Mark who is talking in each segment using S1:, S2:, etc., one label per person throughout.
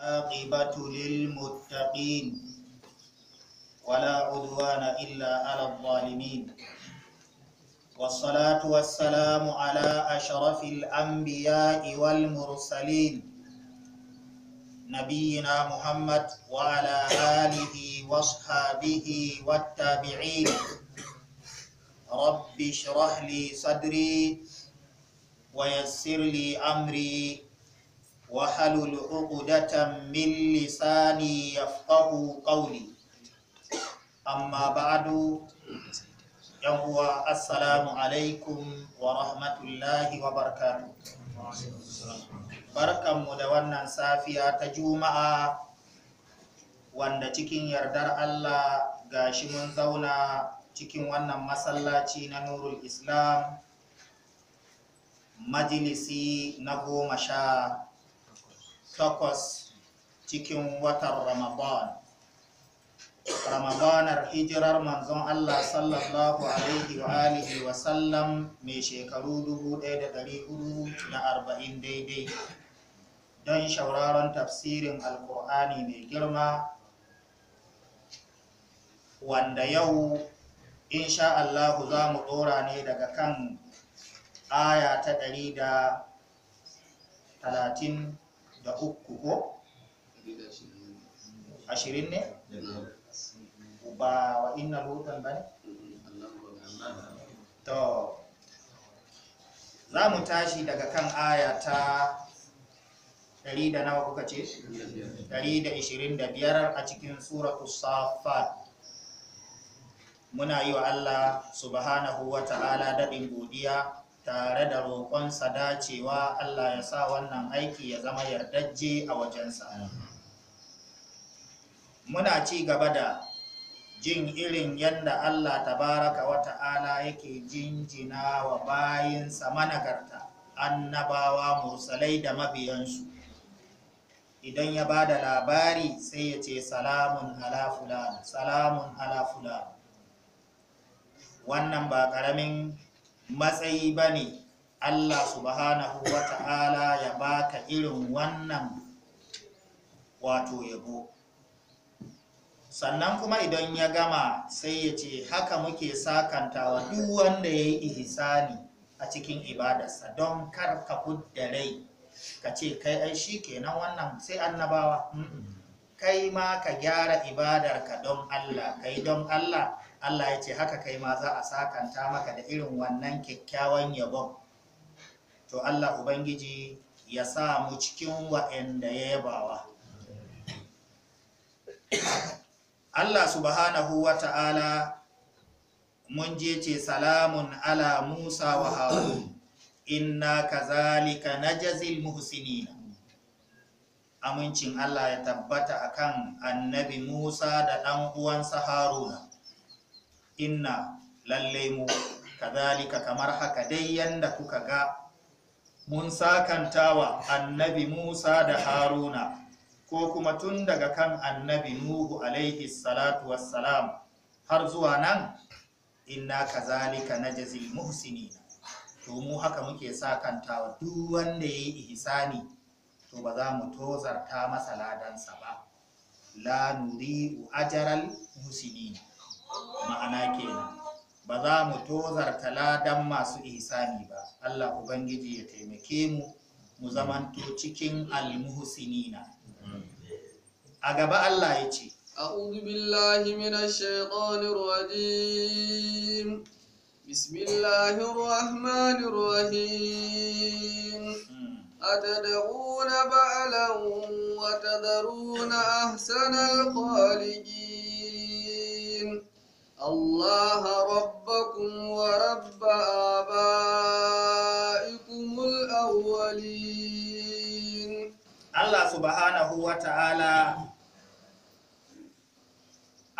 S1: عاقبة للمتقين ولا عدوان إلا على الظالمين والصلاة والسلام على أشرف الأنبياء والمرسلين نبينا محمد وعلى آله وصحابه والتابعين رب اشرح لي صدري ويسر لي أمري wahalul uqdatan min lisani yafqahu qawli amma ba'du ya huwa assalamu alaikum wa rahmatullahi wa barakatuh barakam da wannan safiya ta juma'a wanda cikin yardar Allah gashi mun zauna cikin wannan masallaci na nurul islam majlisi na goma sha takwas cikin watan Ramadan. Ramadanar hijirar manzon Allah sallallahu Alaihi wa alihi wa sallam mai shekaru 1440 daidai don shauraron tafsirin alkur'ani mai girma wanda yau insha Allahu za mu ɗora ne daga kan aya ta ɗari da talatin da uku ko ashirin ne ba wa ina lutan ba ne to za mu tashi daga kan aya ta ɗari da nawa kuka ce ɗari da ishirin da biyar a cikin suratu safat muna yi wa allah subhanahu wa ta'ala daɗin godiya tare da roƙonsa dacewa Allah ya sa wannan aiki ya zama yardajje a wajensa. Muna ci gaba da jin irin yadda Allah tabaraka wa ta'ala yake jinjina wa bayinsa managarta, annabawa, mursalai da mabiyansu. Idan ya ba da labari sai ya ce salamun ala salamun ala Wannan ba ƙaramin matsayi ba ne Allah subhanahu wa ta'ala ya baka irin wannan wato yabo sannan kuma idan ya gama sai ya ce haka muke sakantawa duk wanda ya yi ihisani a cikin ibadarsa don kar ka rai ka ce kai ai shi kenan wannan sai annabawa kai ma ka gyara ibadarka don Allah kai don Allah Allah ya ce haka kai ma za a sakanta maka da irin wannan kyakkyawan yabon to Allah ubangiji ya sa mu cikin wa'anda ya yabawa Allah subhanahu wa ta'ala mun je ce salamun ala Musa wa Harun inna kazalika najazil muhsinina amincin Allah ya tabbata akan annabi Musa da ɗan uwansa Haruna inna lalle mu kadhalika kamar haka dai yanda kuka ga mun sakantawa annabi Musa da Haruna ko kuma tun daga kan annabi Nuhu alaihi salatu wassalam har zuwa nan inna kazalika najzil muhsinin to mu haka muke sakantawa duk wanda yayi ihsani to ba za mu tozarta masa ladansa ba la nuri ajral muhsinin ma'ana kenan ba za mu tozarta ladan masu ihsani ba Allah ubangiji ya taimake mu mu zamanto cikin almuhsinina a gaba Allah ya ce
S2: أعوذ بالله من الشيطان الرجيم بسم الله الرحمن الرحيم أتدعون بعلا وتذرون أحسن الخالقين الله ربكم ورب آبائكم الأولين
S1: الله سبحانه وتعالى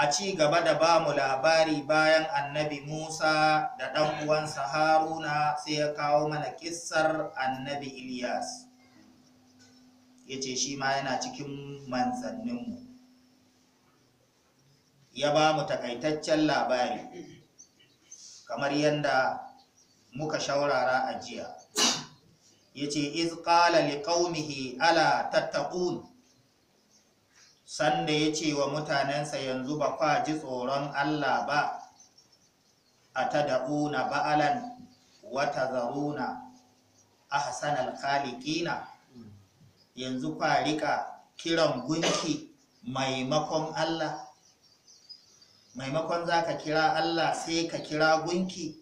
S1: a ci gaba da ba mu labari bayan annabi Musa da ɗan uwansa Haruna sai ya kawo mana kissar annabi Ilyas. yace shima shi ma yana cikin manzanninmu. ya ba mu takaitaccen labari kamar yadda muka shaurara a jiya ya ce iz ƙala liƙaunihi ala tattaƙun sanda ya ce wa mutanensa yanzu ba kwa ji tsoron Allah ba a ta da'una ba'alan wata zaruna a hasanar khaliƙina yanzu kwa riƙa kiran gunki maimakon Allah maimakon za ka kira Allah sai ka kira gunki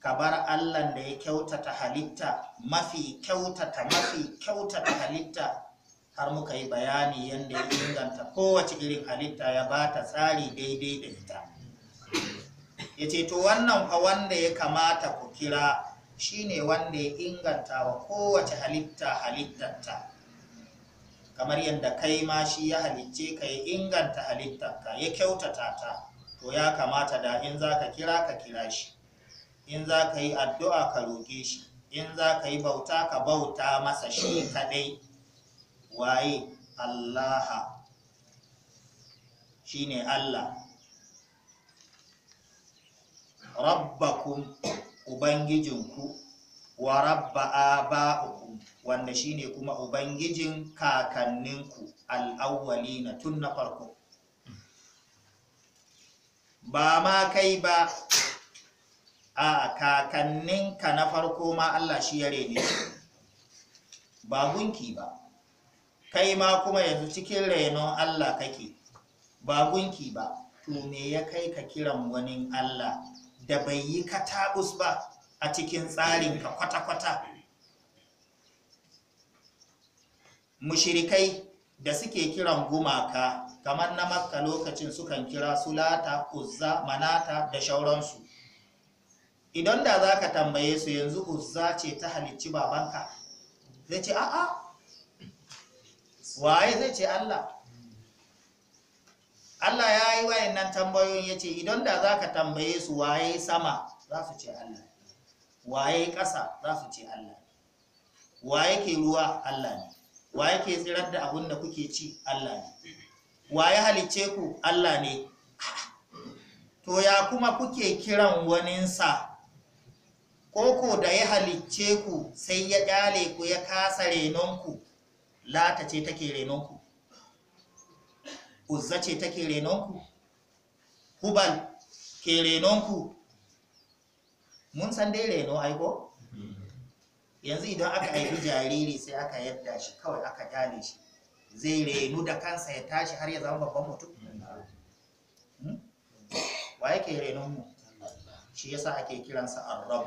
S1: ka bar Allah da ya kyautata halitta mafi kyautata mafi kyautata halitta har muka yi bayani yadda ya inganta kowace irin halitta ya ba ta tsari daidai da ita ya ce to wannan fa wanda ya kamata ku kira shine wanda ya inganta wa kowace halitta halittarta kamar yadda kai ma shi ya halicce ka ya inganta halittarka ya kyautata ta to ya kamata da in za ka kira ka kira shi in za ka yi addu'a ka roƙe shi in za ka yi bauta ka bauta masa shi kaɗai waye shi shine allah rabbakum ubangijinku wa rabba aba'ukum wanda shine kuma ubangijin kakanninku na tun na farko ba ma kai ba a kakanninka na farko ma Allah shi ya rene ba gunki ba kai ma kuma yanzu cikin renon Allah kake ba gunki ba to me ya kai ka kiran wani Allah da bai yi katabus ba a cikin tsarinka kwata-kwata mushirikai da suke kiran gumaka kamar na makka lokacin sukan kira sulata uzza manata da shauransu idan da za ka tambaye su yanzu uzza ce ta halicci babanka zai ce a'a waye zai ce allah allah ya yi wayannan tambayoyin ya ce idan da za ka tambaye su waye sama za su ce allah waye ƙasa za su ce allah waye ke ruwa allah ne wa yake tsirar da abun da kuke ci Allah ne wa ya halice ku Allah ne to ya kuma kuke kiran waninsa koko da ya halicce ku sai ya kyale ku ya kasa renonku lata ce take renonku uzza ce take renonku hubal ke renonku mun san dai reno aiko yanzu idan aka haifi jariri sai aka yadda shi kawai aka jale shi zai renu da kansa ya tashi har ya zama babban mutum hmm? wa yake renu mu shi yasa ake kiransa arab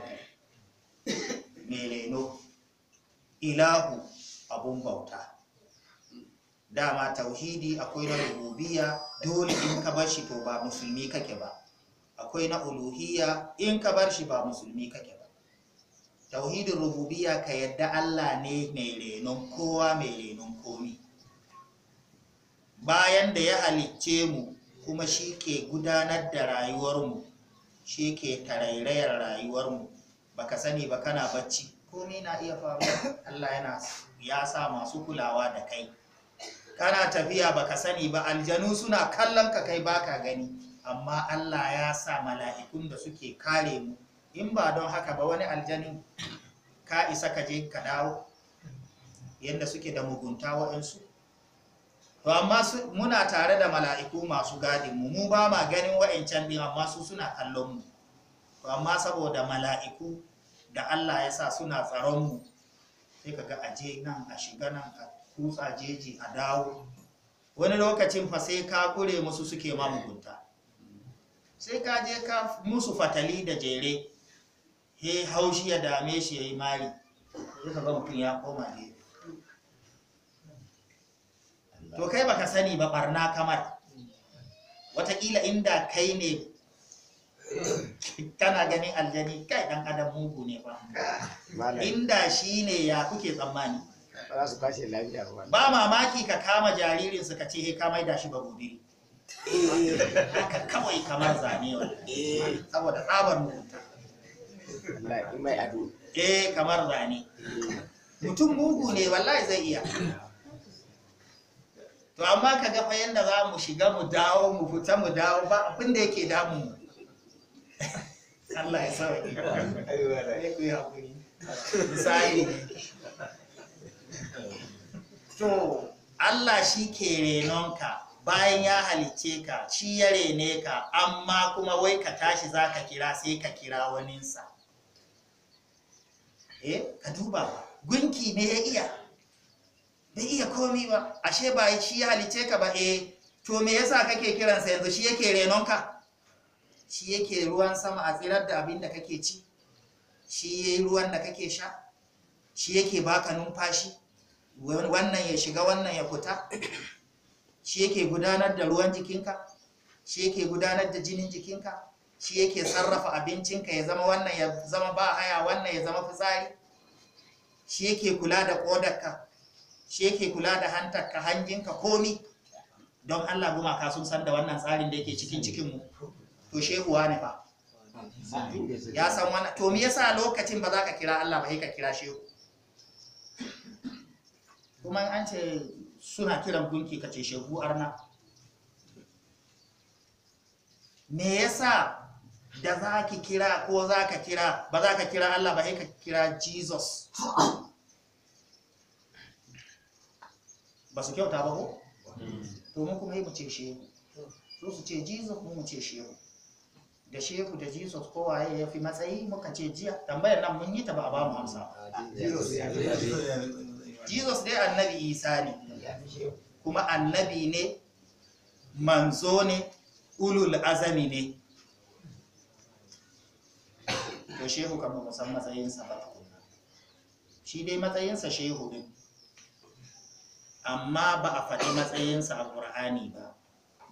S1: mai reno ilahu abun bauta dama tauhidi akwai na rububiya dole in ka bar shi to ba musulmi kake ba akwai na uluhiya in ka bar shi ba musulmi kake ba tauhidin rububiya ka yadda Allah ne mai renon kowa mai renon komi bayan da ya halicce mu kuma shi ke gudanar da rayuwarmu shi ke tarairayar rayuwarmu baka sani ba kana bacci komi na iya faruwa Allah yana ya sa masu kulawa da kai kana tafiya baka sani ba aljanu suna kallon ka kai baka gani amma Allah ya sa mala'ikun da suke kare mu in ba don haka ba wani aljani ka isa ka je ka dawo yadda suke da mugunta waɗansu to amma muna tare da mala'iku masu gadinmu mu ba ma ganin wa'ancan ɗin amma su suna kallon mu to amma saboda mala'iku da Allah ya sa suna tsaron mu sai ka ga aje nan a shiga nan a kutsa jeji a dawo wani lokacin fa sai ka kure musu suke ma mugunta sai ka je ka musu fatali da jere he haushi ya dame shi ya yi mari ga mutum ya koma ne to kai baka sani ba barna kamar wataƙila inda kai ne kana ganin aljani kai dan adam mugu ne ba inda shi ne ya kuke tsammani ba mamaki ka kama jaririn suka ce he eh, ka maida shi ba gobe eh. Ka kawai kamar zane eh. saboda tsabar mugunta mai eh kamar zane mutum mugu ne wallahi zai iya to amma ka ga fa za mu shiga mu dawo mu fita mu dawo ba abin da yake damu mu Allah ya to Allah shi ke renonka bayan ya halicce ka shi ya rene ka amma kuma wai ka tashi za ka kira sai ka kira waninsa eh ka duba gunki ne ya iya bai iya komi ba ashe ba shi ya halice ka ba eh to me yasa kake kiransa yanzu shi yake ka? shi yake ruwan sama a tsirar da abin da kake ci shi yayi ruwan da kake sha shi yake baka numfashi wannan ya shiga wannan ya fita shi yake gudanar da ruwan jikinka shi yake gudanar da jinin jikinka shi yake sarrafa abincinka ya zama wannan ya zama ba haya wannan ya zama fitsari shi yake kula da kodarka shi yake kula da hantarka hanjinka komi don Allah gumaka sun san da wannan tsarin da yake cikin cikinmu to shehuwa ne ba ya san wannan to me yasa lokacin ba za ka kira Allah ba sai ka kira shehu kuma an ce suna kiran gunki kace shehu arna me yasa da za ki kira ko za ka kira ba za ka kira Allah ba sai ka kira Jesus ba su kyauta ba ko? to mu kuma yi mu ce shehu su su ce Jesus mu mu ce shehu da shehu da Jesus waye ya fi matsayi muka ce jiya tambayar nan mun yi ta ba a ba mu amsa Jesus dai annabi Isa ne kuma annabi ne manzo ne ulul azami ne to shehu kan mu san matsayinsa ba tukunna shi dai matsayinsa shehu din amma ba a faɗi matsayinsa a ƙur'ani ba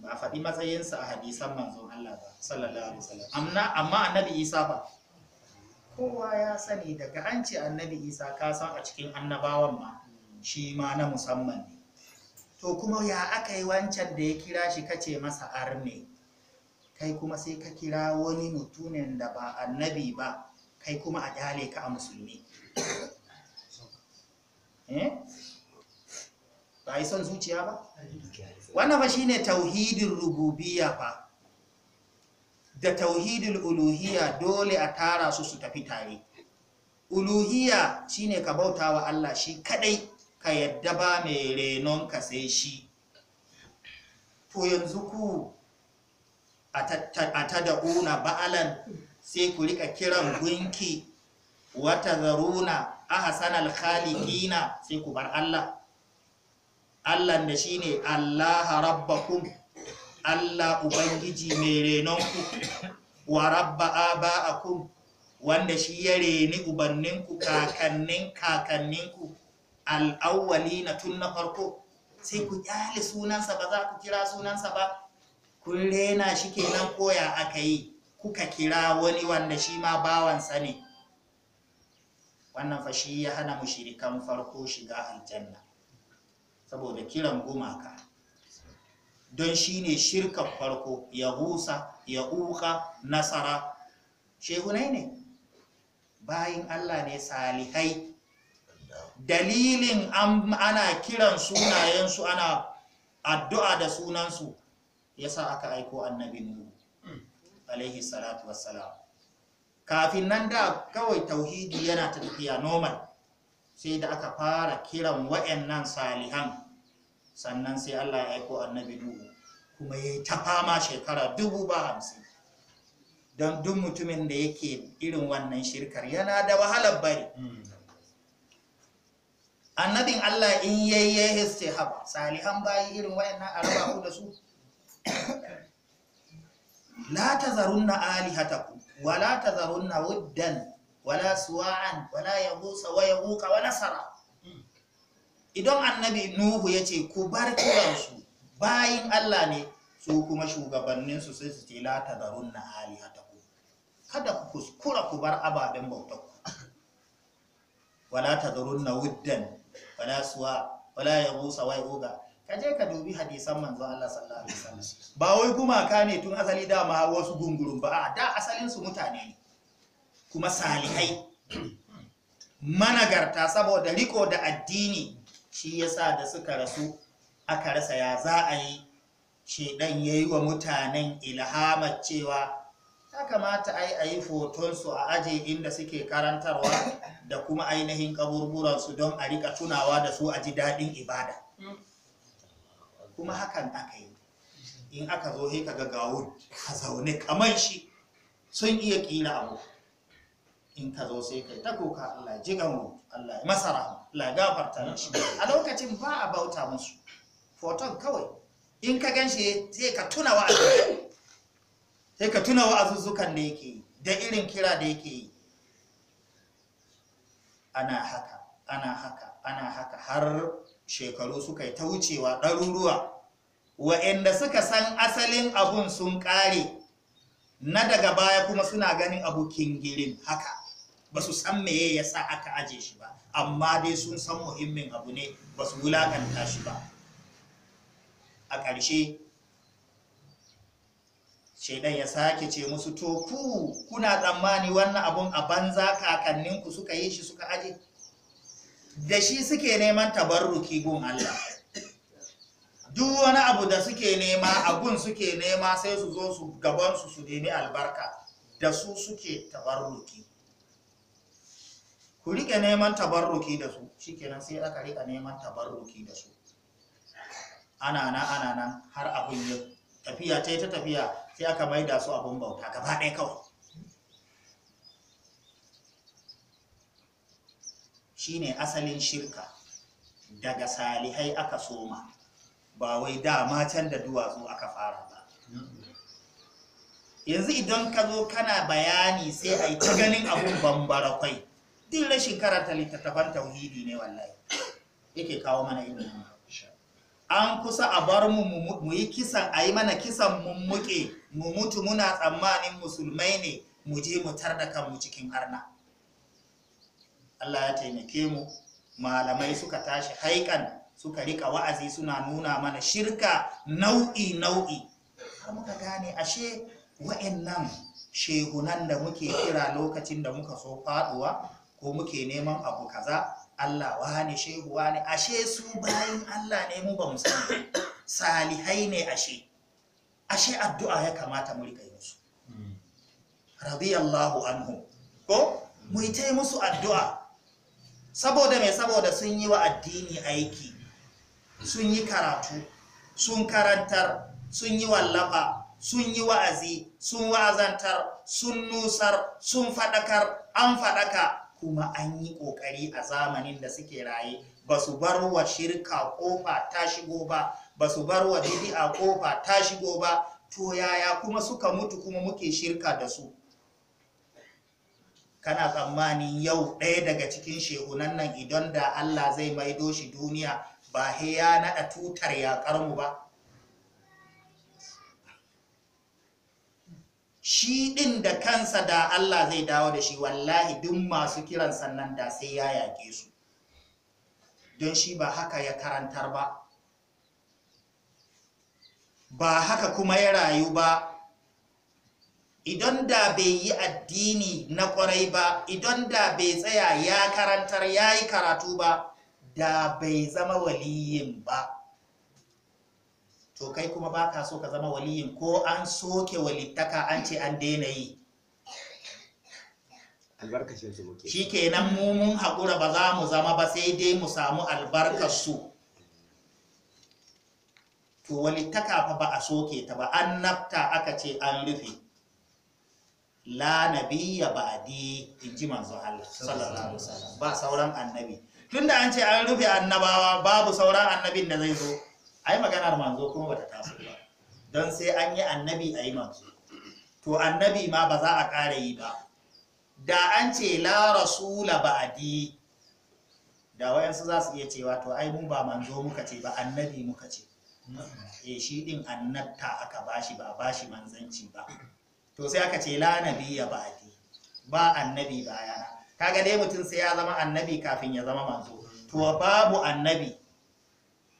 S1: ba a faɗi matsayinsa a hadisan manzon Allah ba sallallahu alaihi wasallam amma amma annabi Isa ba kowa ya sani daga an ce annabi Isa ka san a cikin annabawan ma shi ma na musamman ne to kuma ya aka yi wancan da ya kira shi kace masa arne kai kuma sai ka kira wani mutumin da ba annabi ba kai kuma a kyale ka a musulmi eh? ba yi son zuciya ba wannan ba shine tauhidin rububiya ba da tauhidin uluhiya dole a tara su su tafi tare uluhiya shine ka bauta wa Allah shi kadai ka yadda ba mai renon ka sai shi to yanzu ku a ta tada'una ba'alan sai ku rika kiran gunki wata zaruna ahsanal khaliqina sai ku bar Allah Allah da shi shine Allah rabbakum Allah ubangiji mai renonku wa rabba aba'akum wanda shi ya reni ubanninku kakannin kakanninku na tun na farko sai ku kyale sunansa ba za ku kira sunansa ba kun rena shi kenan koya aka yi kuka kira wani wanda shi ma bawansa ne wannan fashi ya hana mu mushirikan farko shiga aljanna saboda kiran gumaka don shi ne shirkan farko ya husa ya uka nasara shehunai ne bayin allah ne salihai dalilin ana kiran sunayensu ana addu'a da sunansu yasa aka aiko annabi nuhu alaihi salatu wassalam kafin nan da kawai tauhidi yana ta tafiya normal sai da aka fara kiran wa'annan salihan sannan sai Allah ya aiko annabi nuhu kuma ya ta fama shekara dubu ba duk mutumin da yake irin wannan shirkar yana da wahalar bari annabin Allah in yayye istihab salihan bayi irin wa'annan a ku da su la tazarunna alihatakum wala tazarunna wuddan la suwa'an la yahusa wa yahuka wa nasara. idan annabi nuhu ya ce ku bar kiransu bayin allah ne su kuma su sai su ce la tazarunna alihatakum kada ku kuskura ku bar ababen bautanku wala tazarunna wuddan wala suwa la yahusa wa yahuka ka je ka dubi hadisan manzo Allah sallallahu alaihi wasallam ba wai gumaka ne tun asali da ma wasu gungurun ba a da asalin su mutane ne kuma salihai managarta saboda riko da addini shi yasa da suka rasu aka rasa ya za a yi shedan yayi wa mutanen ilhama cewa ya kamata ai ayi yi su a aje inda suke karantarwa da kuma ainihin su don a rika tunawa da su a ji daɗin ibada kuma hakan aka yi in aka zo ka kaga gawun ka zaune kamar shi sun iya kila abu in ka zo sai kai ta kuka Allah ji mu Allah ya masa Allah ya gafarta shi a lokacin ba a bauta musu foton kawai in ka ganshi sai ka tuna wa'azi sai ka tuna wa'azuzzukan da yake yi da irin kira da yake yi ana haka ana haka ana haka har shekaru suka ta wucewa ɗaruruwa wa'anda suka san asalin abun sun ƙare na daga baya kuma suna ganin abu kingirin haka ba su san meye ya sa aka aje shi ba amma dai sun san muhimmin abu ne ba su wulaƙanta shi ba a ƙarshe shaidan ya sake ce musu to ku kuna tsammani wannan abun a banza kakanninku suka yi shi suka aje da shi suke neman tabarruki gun Allah duk wani abu da suke nema a gun suke nema sai su zo su gabansu su nemi albarka da su suke tabarruki ku rike neman tabarruki da su shikenan sai aka rika neman tabarruki da su ana nan ana nan har abin ya tafiya ta ta tafiya sai aka maida su abun bauta gaba ɗaya kawai shine asalin shirka daga salihai aka soma ba wai dama can da duwatsu aka fara ba yanzu idan ka zo kana bayani sai a yi ta ganin abun bambara kwai din rashin karanta littattafan tauhidi ne wallahi yake kawo mana irin an kusa a bar mu mu yi kisan a yi mana kisan mummuke mu mutu muna tsammanin musulmai ne mu je mu tar da kanmu cikin arna Allah ya taimake mu malamai suka tashi haikan suka rika wa'azi suna nuna mana shirka nau'i nau'i har muka gane ashe wa'annan shehunan da muke kira lokacin da muka so faduwa ko muke neman abu kaza Allah wani shehu wani ashe su bayan Allah ne mu ba mu sani salihai ne ashe ashe addu'a ya kamata mu rika yi musu hmm. radiyallahu anhu ko mu yi ta musu addu'a saboda mai saboda sun yi wa addini aiki sun yi karatu sun karantar sun yi wallafa sun yi wa'azi sun wa'azantar sun nusar sun faɗakar an faɗaka kuma an yi ƙoƙari a zamanin da suke raye ba su bar wa shirka ƙofa ta shigo ba ba su bar wa a ƙofa ta shigo ba to yaya kuma suka mutu kuma muke shirka da su kana tsammanin yau ɗaya daga cikin shehunan nan idan da Allah zai maido shi duniya ba he ya naɗa tutar yaƙar mu ba shi ɗin da kansa da Allah zai dawo da shi wallahi duk masu kiran sannan da sai ya yaƙe su don shi ba haka ya karantar ba ba haka kuma ya rayu ba idan da bai yi addini na kwarai ba idan da bai tsaya ya karantar ya yi karatu ba da bai zama waliyin ba to kai kuma ba ka so ka zama waliyin ko an soke walittaka an ce an daina yi shi kenan mu mun haƙura ba za mu zama ba sai dai mu samu albarkarsu to walittaka fa ba a soke ta ba an nafta aka ce an rufe la nabiyya ba'di in ji manzo Allah sallallahu alaihi wasallam ba sauran annabi tunda an ce an rufe annabawa babu sauran annabin da zai zo ai maganar manzo kuma bata taso ba don sai an yi annabi a yi manzo to annabi ma ba za a ƙara yi ba da an ce la rasula ba'di da wayansu za su iya cewa to ai mun ba manzo muka ce ba annabi muka ce eh shi din annabta aka bashi ba bashi manzanci ba to sai aka ce la ya ba'di ba annabi bayana kaga dai mutum sai ya zama annabi kafin ya zama manzo to babu annabi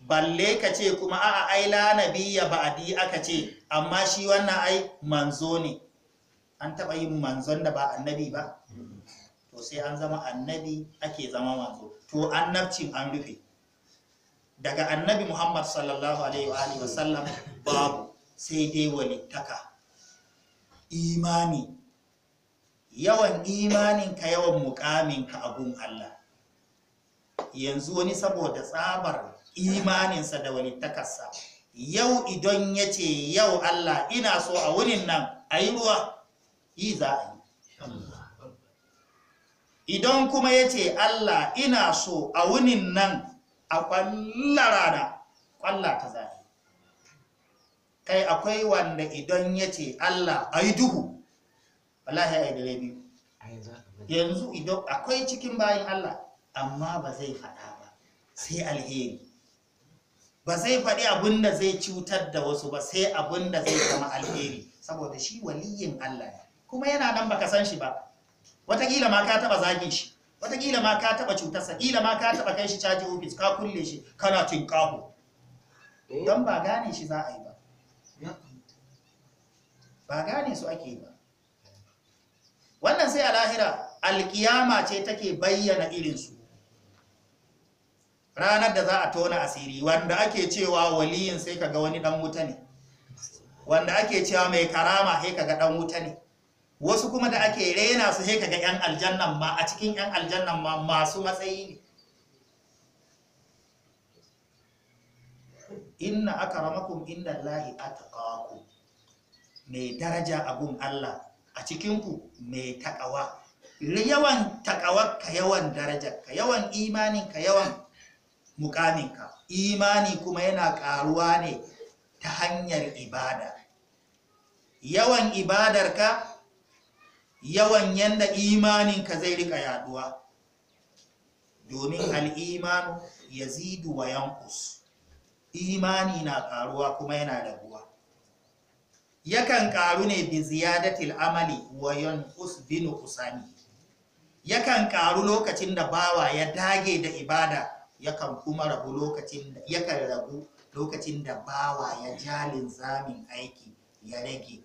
S1: balle ka ce kuma a'a ai la ya ba'di aka ce amma shi wannan ai manzo ne an taba yin manzon da ba annabi ba to sai an zama annabi ake zama manzo to annabcin an rufe daga annabi Muhammad sallallahu alaihi wa sallam babu sai dai walittaka imani yawan imaninka yawan mukaminka a gun Allah yanzu wani saboda tsabar imaninsa da walittakarsa yau idan yace yau Allah ina so a wurin nan a yi ruwa yi za a yi idan kuma yace Allah ina so a wurin nan a kwallara da kwallata za a kai akwai wanda idan ya ce Allah a yi duhu Allah ya yi dare biyu yanzu idan akwai cikin bayan Allah amma ba zai faɗa ba sai alheri ba zai faɗi abinda da zai cutar da wasu ba sai abinda da zai zama alheri saboda shi waliyin Allah ne kuma yana nan baka san shi ba watakila ma ka taɓa zagin shi watakila ma ka taɓa cutarsa kila ma ka taɓa kai shi caji ofis ka kulle shi kana tinkaho eh. don ba gane shi za a yi ba gane su ake ba wannan sai a lahira alkiyama ce take bayyana irin su. ranar da za a tona asiri wanda ake cewa waliyin sai kaga wani dan wuta ne wanda ake cewa mai karama sai kaga dan wuta ne wasu kuma da ake rena su sai kaga yan aljannan ma a cikin yan aljannan ma masu matsayi ne inna akramakum indallahi atqakum mai daraja abun Allah a cikinku mai takawa yawan takawarka yawan darajarka yawan imaninka yawan mukaminka imani kuma yana karuwa ne ta hanyar ibada yawan ibadarka yawan yanda imaninka zai rika yaduwa domin al'imanu ya zidu wa yankus imani na karuwa kuma yana raguwa yakan ƙaru ne bi ziyadatil amali wa yanqus bi usani yakan ƙaru lokacin da bawa ya dage da ibada yakan kuma rabu lokacin da yakan rabu lokacin da bawa ya jalin zamin aiki ya rage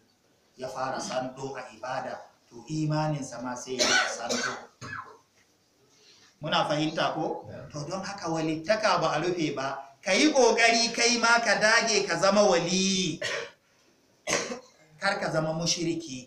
S1: ya fara sando a ibada to imaninsa ma sai ya sando muna fahimta ko to don haka walittaka ba a rufe ba kayi yi ƙoƙari kai ma ka dage ka zama wali kar ka zama mushiriki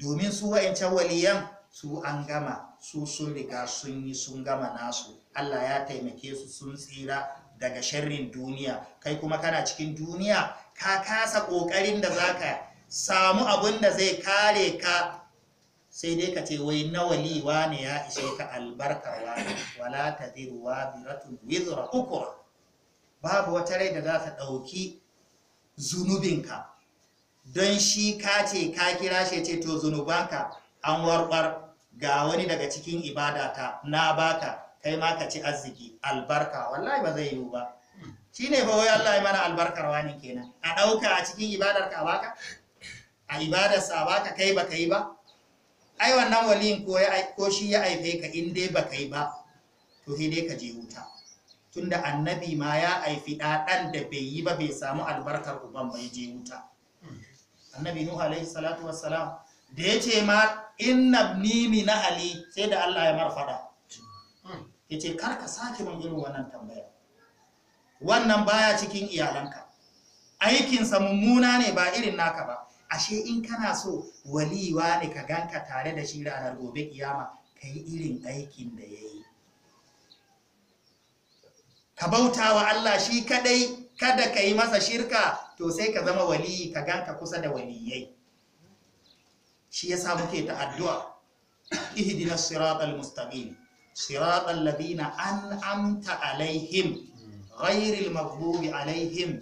S1: domin su wa'ancan waliyan su an gama su sun riga sun yi sun gama nasu Allah ya taimake su sun tsira daga sharrin duniya kai kuma kana cikin duniya ka kasa ƙoƙarin da za ka samu abin da zai kare ka sai dai ka ce wai na nawaliwa ne ya ishe ka albarkarwa wala ta ziruwa biratun wizra ukura babu wata rai da za ta ɗauki zunubinka don shi ka ce ka kira shi ce to zunubanka an warbar ga wani daga cikin ibadata na baka kai ma ka ci arziki albarka wallahi ba zai yiwu ba shine ba wai Allah ya mana albarkar wani kenan a dauka a cikin ibadar ka baka a ibadar sa baka kai ba yi ba ai wannan waliyin ko ko shi ya aife ka in dai ba yi ba to sai dai ka je wuta tunda annabi ma ya haifi ɗaɗan da bai yi ba bai samu albarkar uban bai je wuta annabi nuhu alaihi salatu wassalam da ya ce ma inna nimi na ali sai da allah ya marfada ya ce karka sake mun irin wannan tambaya wannan baya cikin iyalanka aikinsa mummuna ne ba irin naka ba ashe in kana so waliwa ne ka ganka tare da shi ranar gobe kiyama ka irin aikin da ya yi ka bauta wa Allah shi kadai kada ka yi masa shirka to sai ka zama wali ka ganka kusa da waliyai shi yasa muke ta addu'a ihdinas siratal mustaqim siratal ladina an'amta alaihim ghairil maghdubi alaihim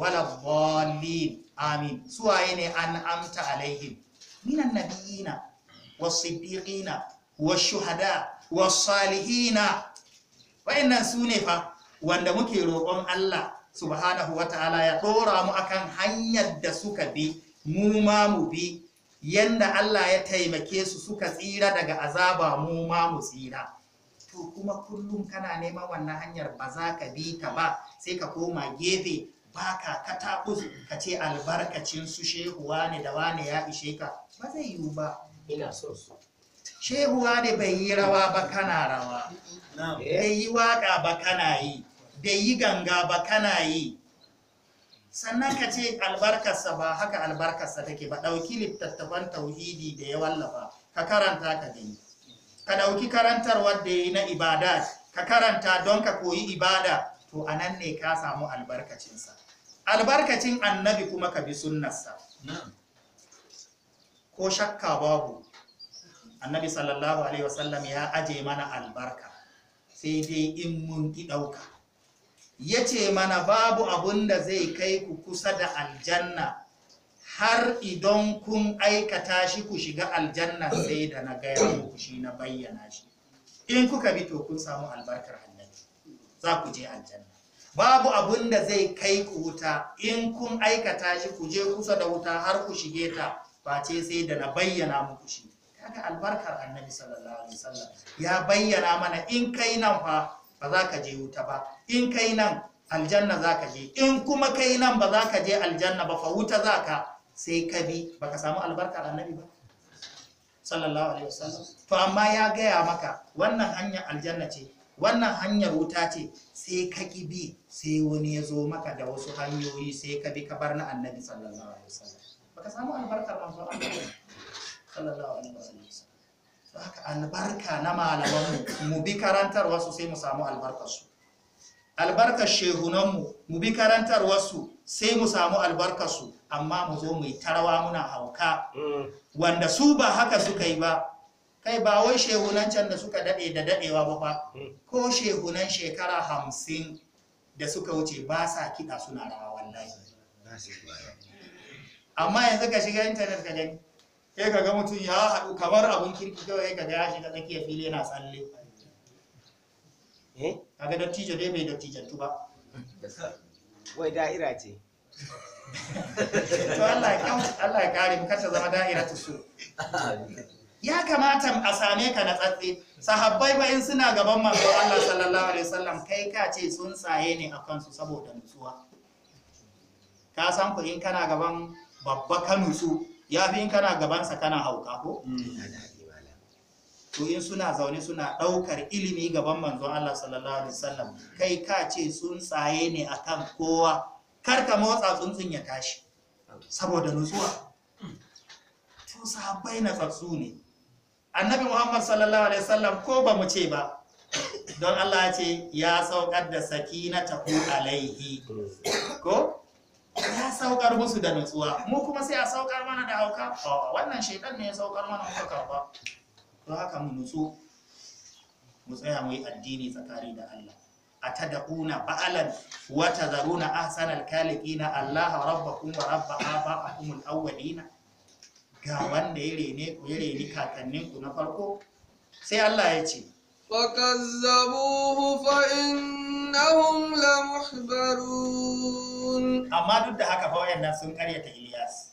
S1: waladdallin amin Su waye ne an'amta alaihim minan nabiyina was-siddiqina wash-shuhada was-salihina wa'annan sune fa wanda muke roƙon Allah subhanahu wata'ala ya ɗora mu akan hanyar da suka bi mu ma mu bi yanda Allah ya taimake su suka tsira daga azaba mu ma mu tsira to kuma kullum kana nema wannan hanyar ba za ka bi ta ba sai ka koma gefe ba ka katakus ka ce albarkacin su shehuwa ne da wane ya ishe ka ba zai yiwu ba ina so su shehuwa ne bai yi rawa ba kana rawa bai yi waka ba kana yi Dai yi ganga ba kana yi sannan ka ce albarkarsa ba haka albarkarsa take ba ɗauki littattafan tauhidi da ya wallafa ka karanta ka gani ka ɗauki karantar da ya yi na ibada ka karanta don ka koyi ibada to a nan ne ka samu albarkacinsa albarkacin annabi kuma ka bi sunnarsa ko shakka babu annabi sallallahu alaihi wasallam ya aje mana albarka sai dai in mun ki ɗauka ya ce mana babu abun da zai kai ku kusa da aljanna har idan kun aikata shi ku shiga aljanna sai da na gaya muku shi na bayyana shi in kuka bi to kun samu albarkar annabi za ku je aljanna babu abun da zai kai ku wuta in kun aikata shi ku je kusa da wuta har ku shige ta face sai da na bayyana muku shi kaga albarkar annabi sallallahu alaihi wasallam ya bayyana mana in kai nan fa ba za ka je wuta ba in kai nan aljanna za ka je in kuma kai nan ba za ka je aljanna ba fa wuta za ka sai ka bi ba ka samu albarkar annabi ba sallallahu alaihi wasallam to amma ya gaya maka wannan hanyar aljanna ce wannan hanyar wuta ce sai ka ki bi sai wani ya zo maka da wasu hanyoyi sai ka bi ka bar na annabi sallallahu alaihi wasallam ka samu albarkar manzon sallallahu alaihi wasallam haka albarka na malamanmu mu bi su sai mu samu albarkarsu albarkar shehunanmu mu bi wasu sai mu samu su amma mu zo mu yi tarwa muna hauka mm. wanda su ba haka suka yi ba kai ba wai shehunan can da suka daɗe da daɗewa ba ba mm. ko shehunan shekara hamsin da suka wuce ba sa kiɗa suna rawa wallahi amma yanzu ka shiga intanet ka gani sai ga mutum ya haɗu kamar abin kirki kawai sai kaga ya shiga tsakiyar fili yana tsalle eh ga dattijo dai mai dattijantu ba wai da'ira ce to Allah ya Allah ya kare mu kada zama da'ira ta su ya kamata a same ka na tsatsi sahabbai ba in suna gaban manzo Allah sallallahu alaihi wasallam kai ka ce sun tsaye ne a kansu saboda nutsuwa ka san ku in kana gaban babba ka nutsu ya fi kana gabansa kana hauka ko hmm. to in suna zaune suna ɗaukar ilimi gaban manzon Allah sallallahu alaihi wasallam kai ka ce tsuntsaye ne akan kowa kar ka motsa tsuntsun ya tashi saboda nutsuwa to sahabbai na tsatsu ne annabi Muhammad sallallahu alaihi wasallam ko ba mu ce ba don Allah ya ce ya saukar da sakinata alaihi hmm. ko saukar musu da nutsuwa mu kuma sai a saukar mana da hauka wannan shaitan ne ya saukar mana hauka karba don haka mu nutsu mu tsaya mu yi addini tsakari da Allah a tad'una ba'alan wa tadharuna ahsanal khaliqina Allah rabbakum wa rabb aba'akum al-awwalina ga wanda ya rene ku ya kakannin ku na farko sai Allah ya ce
S2: fakazzabuhu fa in innahum lamuhbarun
S1: amma duk da haka fa nan sun karyata Ilyas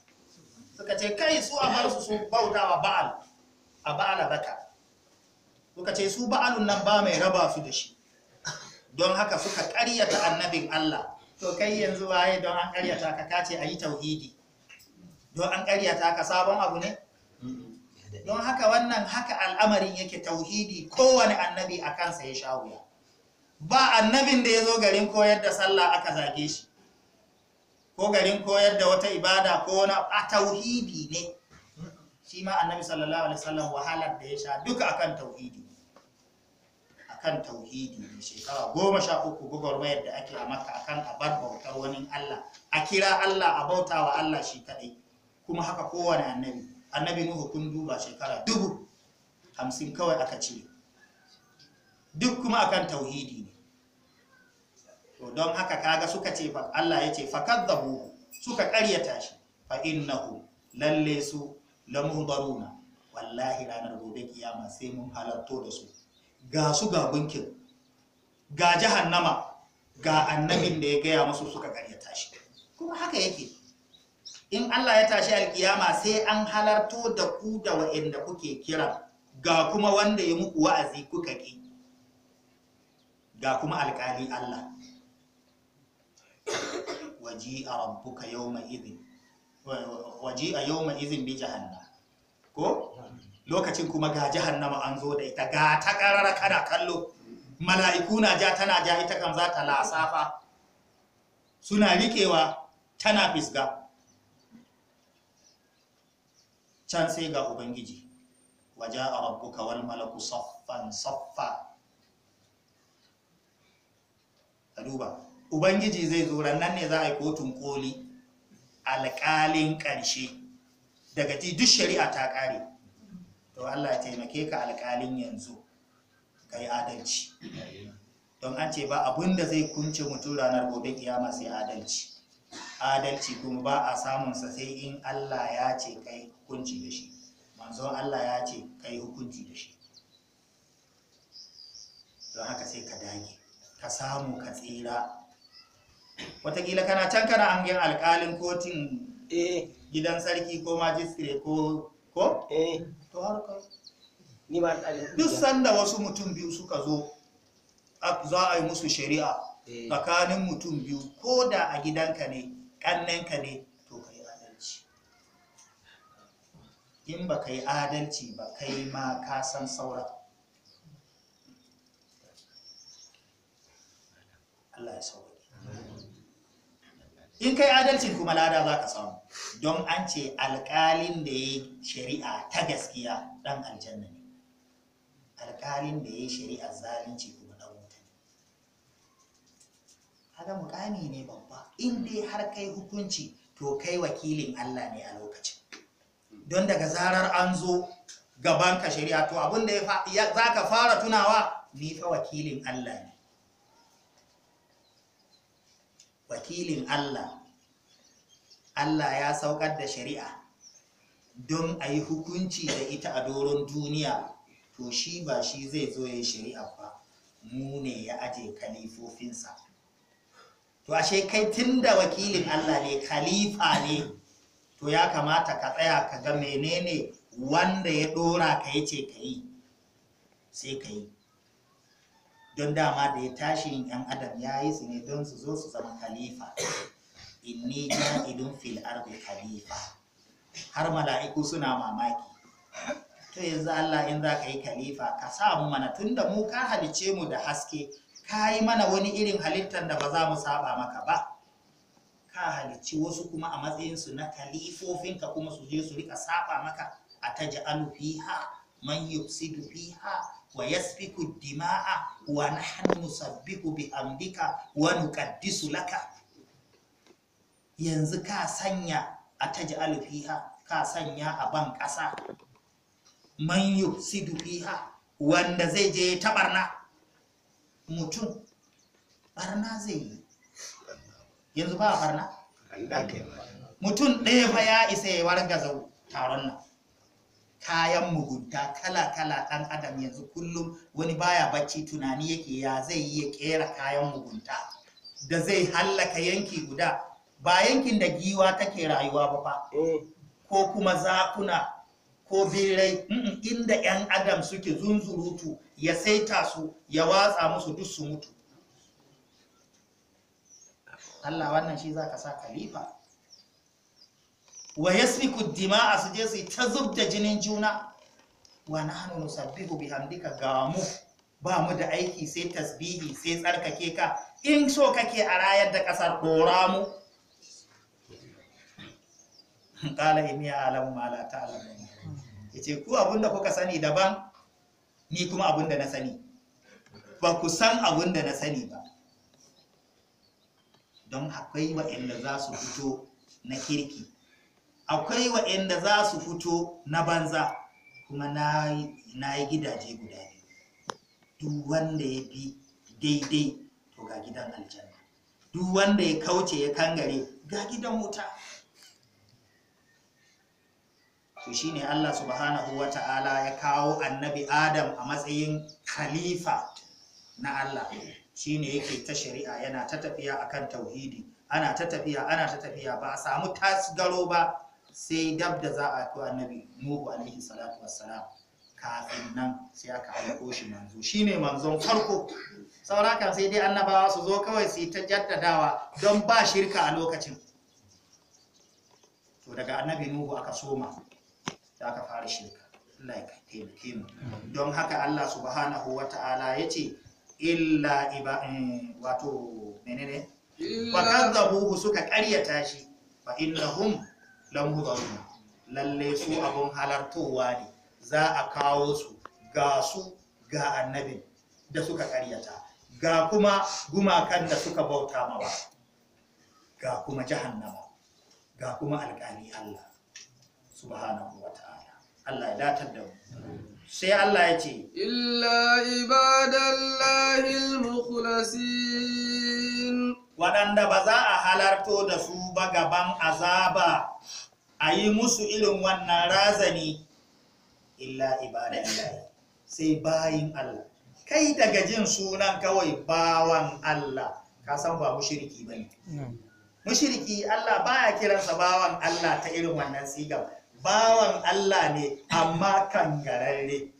S1: suka ce kai su a bar su su bautawa Ba'al a Ba'ala baka suka ce su Ba'alun nan ba mai raba su da shi don haka suka karyata annabin Allah to kai yanzu waye don an karyata ka kace ayi tauhidi don an karyata ka sabon abu ne don haka wannan haka al'amarin yake tauhidi kowane annabi a kansa ya sha wuya ba annabin da ya zo garin koyar da sallah aka zage shi ko garin koyar da wata ibada ko wani a tauhidi ne shi ma annabi sallallahu alaihi wasallam wahalar da ya sha duka akan tauhidi akan tauhidi ne shekara goma sha uku gwagwarmayar da ake a maka akan a bar bautar wani Allah a kira Allah a bauta wa Allah shi kaɗai kuma haka kowane annabi annabi nuhu kun duba shekara dubu hamsin kawai aka cire duk kuma akan tauhidi ne to don haka kaga suka ce fa Allah ya ce fa kadzabu suka ƙaryata shi fa innahu lalle su lamuhdaruna wallahi ranar gobe kiyama sai mun halatto da su ga su ga gunkin ga jahannama ga annabin da ya gaya musu suka ƙaryata shi kuma haka yake in Allah ya tashi alkiyama sai an halarto da ku da wa'anda kuke kira ga kuma wanda ya muku wa'azi kuka ki ga kuma alƙali Allah waji a rabbuka yawma idhin bi jahannam ko lokacin kuma ga jahannama an zo da ita ga ta karara kana kallo mala'iku na ja tana ja ita kan za ta lasafa suna rikewa tana fisga can sai ga ubangiji waje a rabbuka wal malaku saffan saffa a duba ubangiji zai zo nan ne za a yi kotun koli alƙalin ƙarshe daga ti duk shari'a ta ƙare to Allah ya taimake ka alƙalin yanzu kai adalci don an ce ba abin da zai kunce mutum ranar gobe kiyama sai adalci adalci kuma ba a samunsa sai in Allah ya ce kai hukunci da shi manzon Allah ya ce kai hukunci da shi don haka sai ka dage ka samu ka tsira watakila kana can kana hangen alkalin kotun eh. gidan sarki ko majistire ko ko eh. duk sanda wasu mutum biyu suka zo za a yi musu shari'a eh. tsakanin mutum biyu ko da a gidanka ne kannenka ne to ka yi adalci in ba ka yi adalci ba kai ma kasan san saura Allah ya saura in kai adalcin kuma lada za ka samu don an ce alkalin da ya shari'a ta gaskiya ɗan aljanna ne alkalin da ya shari'a zalunci kuma ɗan ne haka mukami ne babba in dai har kai hukunci to kai wakilin Allah ne a lokacin don daga zarar an zo gaban ka shari'a to abin da za ka fara tunawa ni fa wakilin Allah ne wakilin Allah Allah ya saukar da shari'a don a yi hukunci da ita a doron duniya to shi ba shi zai zo ya shari'a ba mu ne ya aje kalifofinsa to ashe kai tun da wakilin Allah ne kalifa ne to ya kamata ka tsaya ka ga menene wanda ya dora ka yace ka yi sai ka yi don dama da ya tashi yan adam ya yi su ne don su zo su zama khalifa inni ja'idun fil ardi khalifa har mala'iku suna mamaki to yanzu Allah in za ka yi khalifa ka sa mu mana tunda mu ka halice mu da haske ka yi mana wani irin halittar da ba za mu saba maka ba ka halici wasu kuma a matsayinsu na ka kuma su je su rika saba maka a ta ja'alu fiha man yufsidu fiha wa yasfiku dima'a wa nahnu nusabbihu bihamdika wa nuqaddisu laka yanzu ka sanya a taj'alu fiha ka sanya a ban ƙasa man yufsidu fiha wanda zai je ta barna mutum barna zai yi yanzu ba barna mutum ɗaya fa ya isa ya warga zau taron nan kayan mugunta kala-kala ɗan adam yanzu kullum wani baya bacci tunani yake ya zai iya kera kayan mugunta da zai hallaka yanki guda ba yankin da giwa take rayuwa ba fa mm. ko kuma zakuna ko birrai inda 'yan adam suke zunzurutu ya saita su ya watsa musu duk su mutu Allah wannan shi za ka sa khalifa wa yasfiku dima'a su je su ta zubda jinin juna wa na nahnu bi bihamdika ga mu ba mu da aiki sai tasbihi sai tsarkake ka in so kake a rayar da kasar dora mu qala ya a'lamu ma la ta'lamu yace ku da kuka sani daban ni kuma da na sani ba ku san da na sani ba don akwai wa'anda za su fito na kirki akwai waɗanda za su fito na banza kuma na yi gidaje guda biyu duk wanda ya bi daidai to ga gidan aljanna duk wanda ya kauce ya kangare ga gidan wuta to shi ne Allah subhanahu wata'ala ya kawo annabi Adam a matsayin khalifa na Allah Shi ne yake ta shari'a yana ta tafiya akan tauhidi ana ta tafiya ana ta tafiya ba a samu tasgaro ba sai dab da za a kai annabi nuhu alaihi salatu wassalam kafin nan sai aka aiko shi manzo shine manzon farko saura sai dai annabawa su zo kawai su yi ta jaddadawa don ba shirka a lokacin to daga annabi nuhu aka soma da aka fara shirka Allah ya taimake mu don haka Allah subhanahu wata'ala yace illa iba eh, wato menene wa kadzabuhu suka ƙaryata shi fa innahum lamhu zaruna lalle su abun halartowa ne za a kawo su ga su ga annabin da suka karyata ga kuma gumakan da suka bauta mawa ga kuma jahannama ga kuma alƙali Allah subhanahu wa ta'ala Allah ya datar da mu sai Allah ya ce
S2: illa ibadallahil mukhlasin waɗanda ba za a
S1: halarto da su ba gaban azaba a yi musu irin wannan razani illa ibadallahi sai bayin Allah kai daga jin sunan kawai bawan Allah ka san ba mushriki bane mushriki Allah baya kiransa bawan Allah ta irin wannan sigar bawan Allah ne amma kan gararre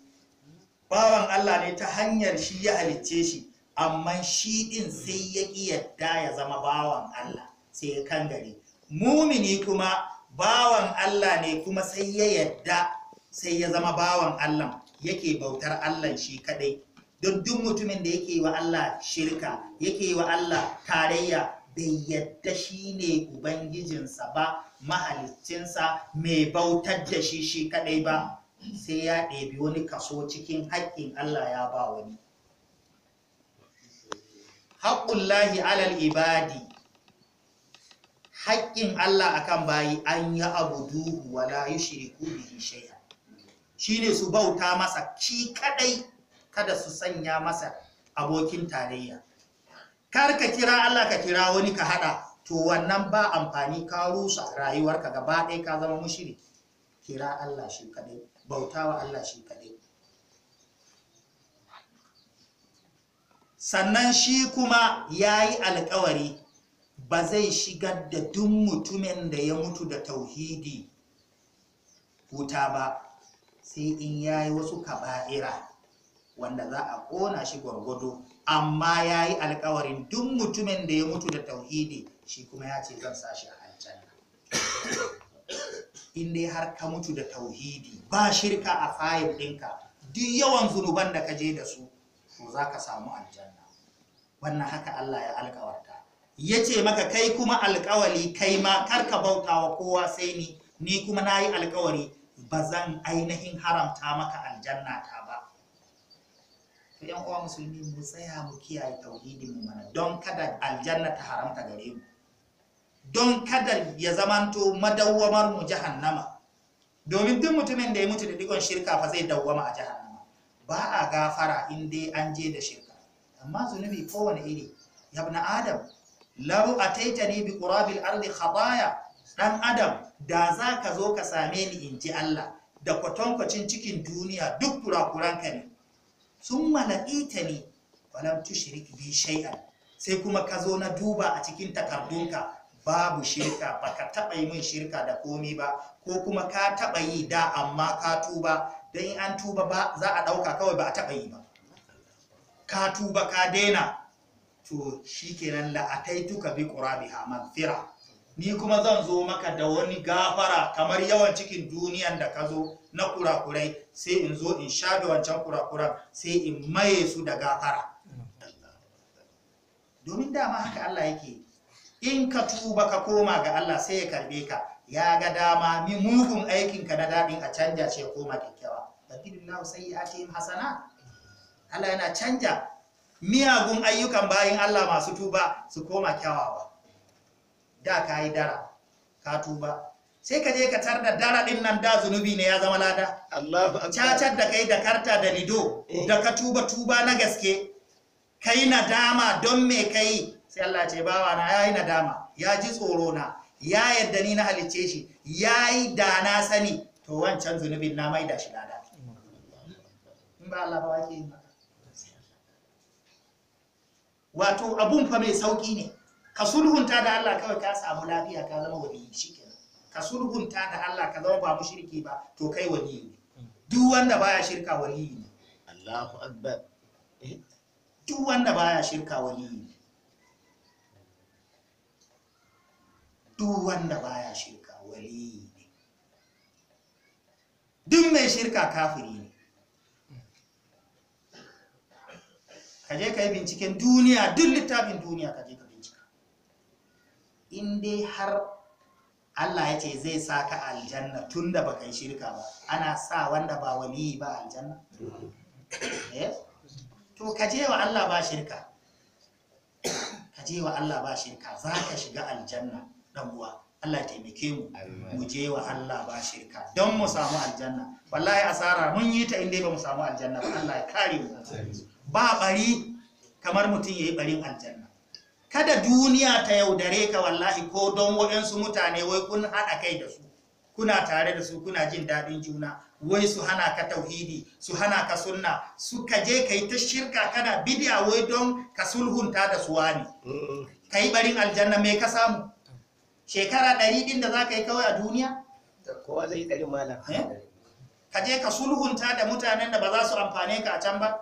S1: bawan Allah ne ta hanyar shi ya halicce shi amma shi ɗin sai ya yadda ya zama bawan Allah sai ya kan gare mumini kuma bawan Allah ne kuma sai ya yadda sai ya zama bawan Allah yake bautar Allah shi kadai don duk mutumin da yake wa Allah shirka yake wa Allah tarayya bai yadda shi ne ubangijinsa ba mahaliccinsa mai bautar da shi shi kadai ba sai ya ɗebi wani kaso cikin haƙƙin Allah ya ba wani haƙƙullahi alal ibadi haƙƙin Allah akan bayi an yi abu duhu wala yi shiriku bihi shay'a ne su bauta masa ki kadai kada su sanya masa abokin tarayya kar ka kira Allah ka kira wani ka haɗa. to wannan ba amfani ka rusa rayuwarka gaba ɗaya ka zama mushiri kira Allah shi kaɗai bautawa Allah shi kaɗai sannan shi kuma ya yi alkawari ba zai shigar da duk mutumin da ya mutu da tauhidi wuta ba sai in ya yi wasu kaba'ira wanda za a ƙona shi gwargwado amma ya yi alkawarin duk mutumin da ya mutu da tauhidi shi kuma ya ce zan sashi a aljanna in dai har ka mutu da tauhidi ba shirka a fayil ɗinka duk yawan zunuban da ka je da su to za ka samu aljanna wannan haka Allah ya alkawarta ya ce maka kai kuma alkawali kai ma karka bauta wa kowa sai ni ni kuma na yi alkawari ba zan ainihin haramta maka aljanna ta ba to yan uwa musulmi mu tsaya mu kiyaye tauhidin mu mana don kada aljanna ta haramta gare mu don kada ya zamanto madawwamar mu jahannama domin duk mutumin da ya mutu da digon shirka fa zai dawwama a jahannama ba a gafara in dai an je da shirka amma zunubi kowane iri ya ibn adam a taita ne bi qurabil ardi khabaya dan adam da za ka zo ka same ni in ji Allah da kwatankwacin cikin duniya duk kurakuranka ne sun mala'ita ne falam tushrik bi shay'an sai kuma ka zo na duba a cikin takardunka babu shirka baka taɓa yi min shirka da komi ba ko kuma ka taɓa yi da amma ka tuba don in an tuba ba za a ɗauka kawai ba a taɓa yi ba ka tuba ka daina to shikenan la'ataituka bi qurabiha fira. ni kuma zan zo maka da wani gafara kamar yawan cikin duniyan da ka zo na kurakurai sai in zo in shafe wancan kurakuran sai in maye su da gafara domin dama haka Allah yake in ka tuba ka koma ga Allah sai ya karbe ka ya ga dama mi mugun aikin ka na dadin a canja ce koma kyakkyawa badilillahu sayyi'atihim hasana Allah yana canja miyagun ayyukan bayin Allah masu tuba su koma kyawawa da ka yi dara ka tuba sai ka je ka tar da dara din nan da zunubi ne ya zama lada cacar da kai da karta da lido eh. da ka tuba tuba na gaske kai nadama don me kai sai Allah ce bawa na yayi nadama ya ji tsoro na ya yadda ni na halicce shi yayi da na sani to wancan zunubin na maida shi lada in ba Allah ba wake wato abun fa mai sauki ne ka sulhunta da Allah kawai ka samu lafiya ka zama wani shikenan ka sulhunta da Allah ka zama ba mushriki ba to kai wani ne duk wanda baya shirka wani ne Allahu akbar eh? duk wanda baya shirka wani ne duk wanda baya shirka wali ne duk mai shirka kafiri ne kaje ka yi binciken duniya duk littafin duniya kaje ka bincika in dai har Allah ya ce zai sa ka aljanna tun da baka yi shirka ba ana sa wanda ba wali ba aljanna eh? to je wa Allah ba shirka je wa Allah ba shirka za ka shiga aljanna dan uwa Allah taimake mu mu je wa Allah ba shirka don mu samu aljanna wallahi asara mun yi ta inda ba mu samu aljanna ba Allah ya kare mu ba bari kamar mutum yayi barin aljanna kada duniya ta yaudare ka wallahi ko don waɗansu mutane wai kun haɗa kai da su kuna tare da su kuna jin daɗin juna wai su hana ka tauhidi su hana ka sunna su ka je ka yi ta shirka kana bidiya wai don ka sulhunta da su wani ka yi barin aljanna me ka samu shekara ɗari ɗin da za ka yi kawai a duniya? kowa zai ɗari malam eh? ka je ka sulhunta da mutanen da ba za su amfane ka a can ba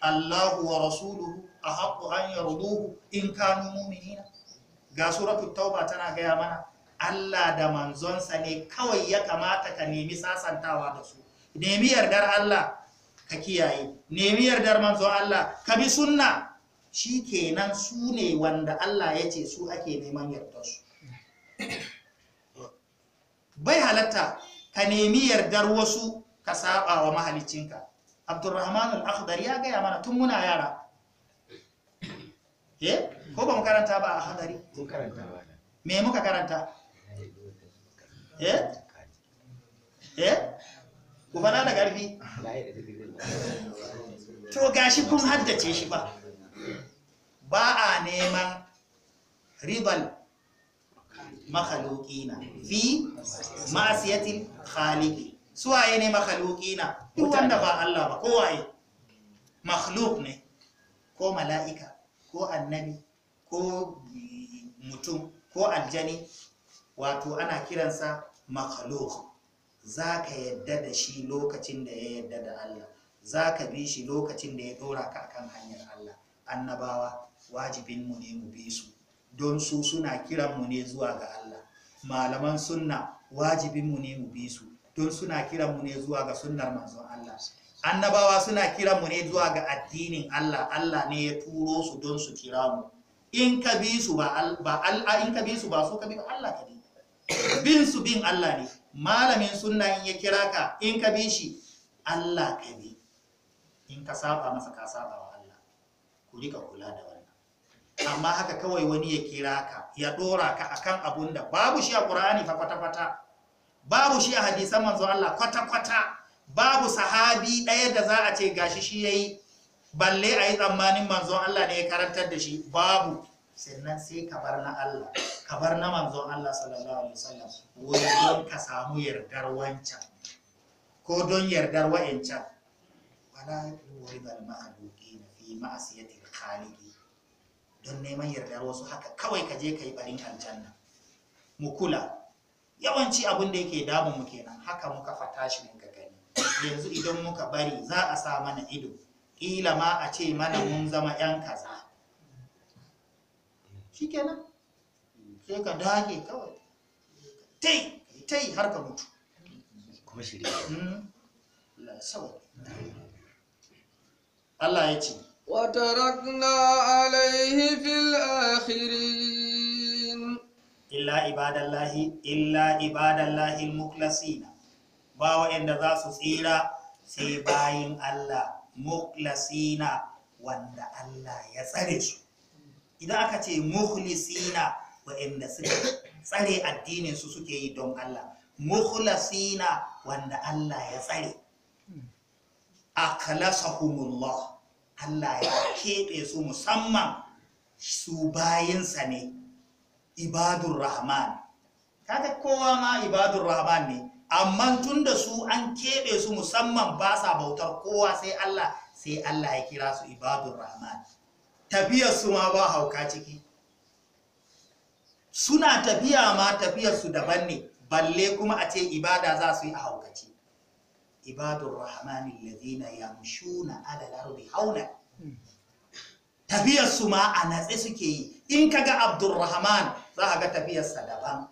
S1: Allahu wa rasuluhu a haƙu hanyar ruhu in kanu mu'minina ga suratul tauba tana gaya mana Allah da manzonsa ne kawai ya kamata ka nemi sasantawa da su nemi yardar Allah ka kiyaye nemi yardar manzon Allah ka bi sunna shikenan su ne wanda Allah ya ce su ake neman yardar su bai halatta ka nemi yardar wasu ka saba wa mahalicinka abdurrahman al-akhdar ya gaya mana tun muna yara ye eh? ko ba mu karanta ba a hadari me muka karanta eh eh ku fada da garfi to gashi kun haddace shi ba ba a neman ribal makhluqina fi ma'siyatil khaliqi suwaye ne makhluqina duk wanda ba Allah ba kowaye makhluq ne ko mala'ika ko annabi ko mutum ko aljani wato ana kiransa makhluk za ka yadda da shi lokacin da ya yadda da Allah za ka bi shi lokacin da ya dora ka akan hanyar Allah annabawa wajibinmu ne mu bi su don su suna kiran mu ne zuwa ga Allah malaman sunna wajibin mu ne mu bi su don suna kiran mu ne zuwa ga sunnar manzon Allah annabawa suna kiran mu ne zuwa ga addinin Allah Allah ne ya turo su don su kira mu in ka bi su ba Allah in ka bi su ba so ka bi Allah ka bi bin su bin Allah ne malamin sunna in ya kira ka in ka bi shi Allah ka bi in ka saba masa ka saba wa Allah ku rika kula da wani amma haka kawai wani ya kira ka ya dora ka akan abun da babu shi a ƙur'ani fa kwata-kwata babu shi a hadisan manzo Allah kwata-kwata babu sahabi ɗaya da za a ce gashi shi yayi balle a yi tsammanin manzo Allah ne ya karantar da shi babu sannan sai ka bar na Allah ka bar na manzo Allah sallallahu alaihi wasallam wai don ka samu yardar wancan ko don yardar wa'ancan wala yuridal ma'luqina fi al khaliqi don neman yardar wasu haka kawai ka je ka yi barin aljanna mu kula yawanci abin da yake damun mu kenan haka muka fata shi muka gani yanzu idan muka bari za a sa mana ido kila ma a ce mana mun zama 'yan kaza shi kenan sai ka dage kawai tai tai har ka mutu kuma shirya hmm. Allah ya ce
S2: وتركنا عليه في الآخرين
S1: إلا عباد الله إلا عباد الله المخلصين باو إن ذا سيرا سيباين الله مخلصين wanda Allah ya tsare su idan aka ce mukhlisina wa'anda tsare addinin su suke yi don Allah mukhlasina wanda Allah ya tsare akhlasahumullah Allah ya keɓe su musamman su bayansa ne ibadun rahman kaga kowa ma ibadun rahman ne amma tun da su an keɓe su musamman ba sa bautar kowa sai Allah sai Allah ya kira su ibadun rahman tafiyar su ma ba hauka ciki suna tafiya ma tafiyar su daban ne balle kuma a ce ibada za su yi a haukaci Ibadun rahmani ya yamshuna ala al-ardi hauna tafiyar su ma a natse suke yi in kaga abdurrahman za ka ga tafiyar sa daban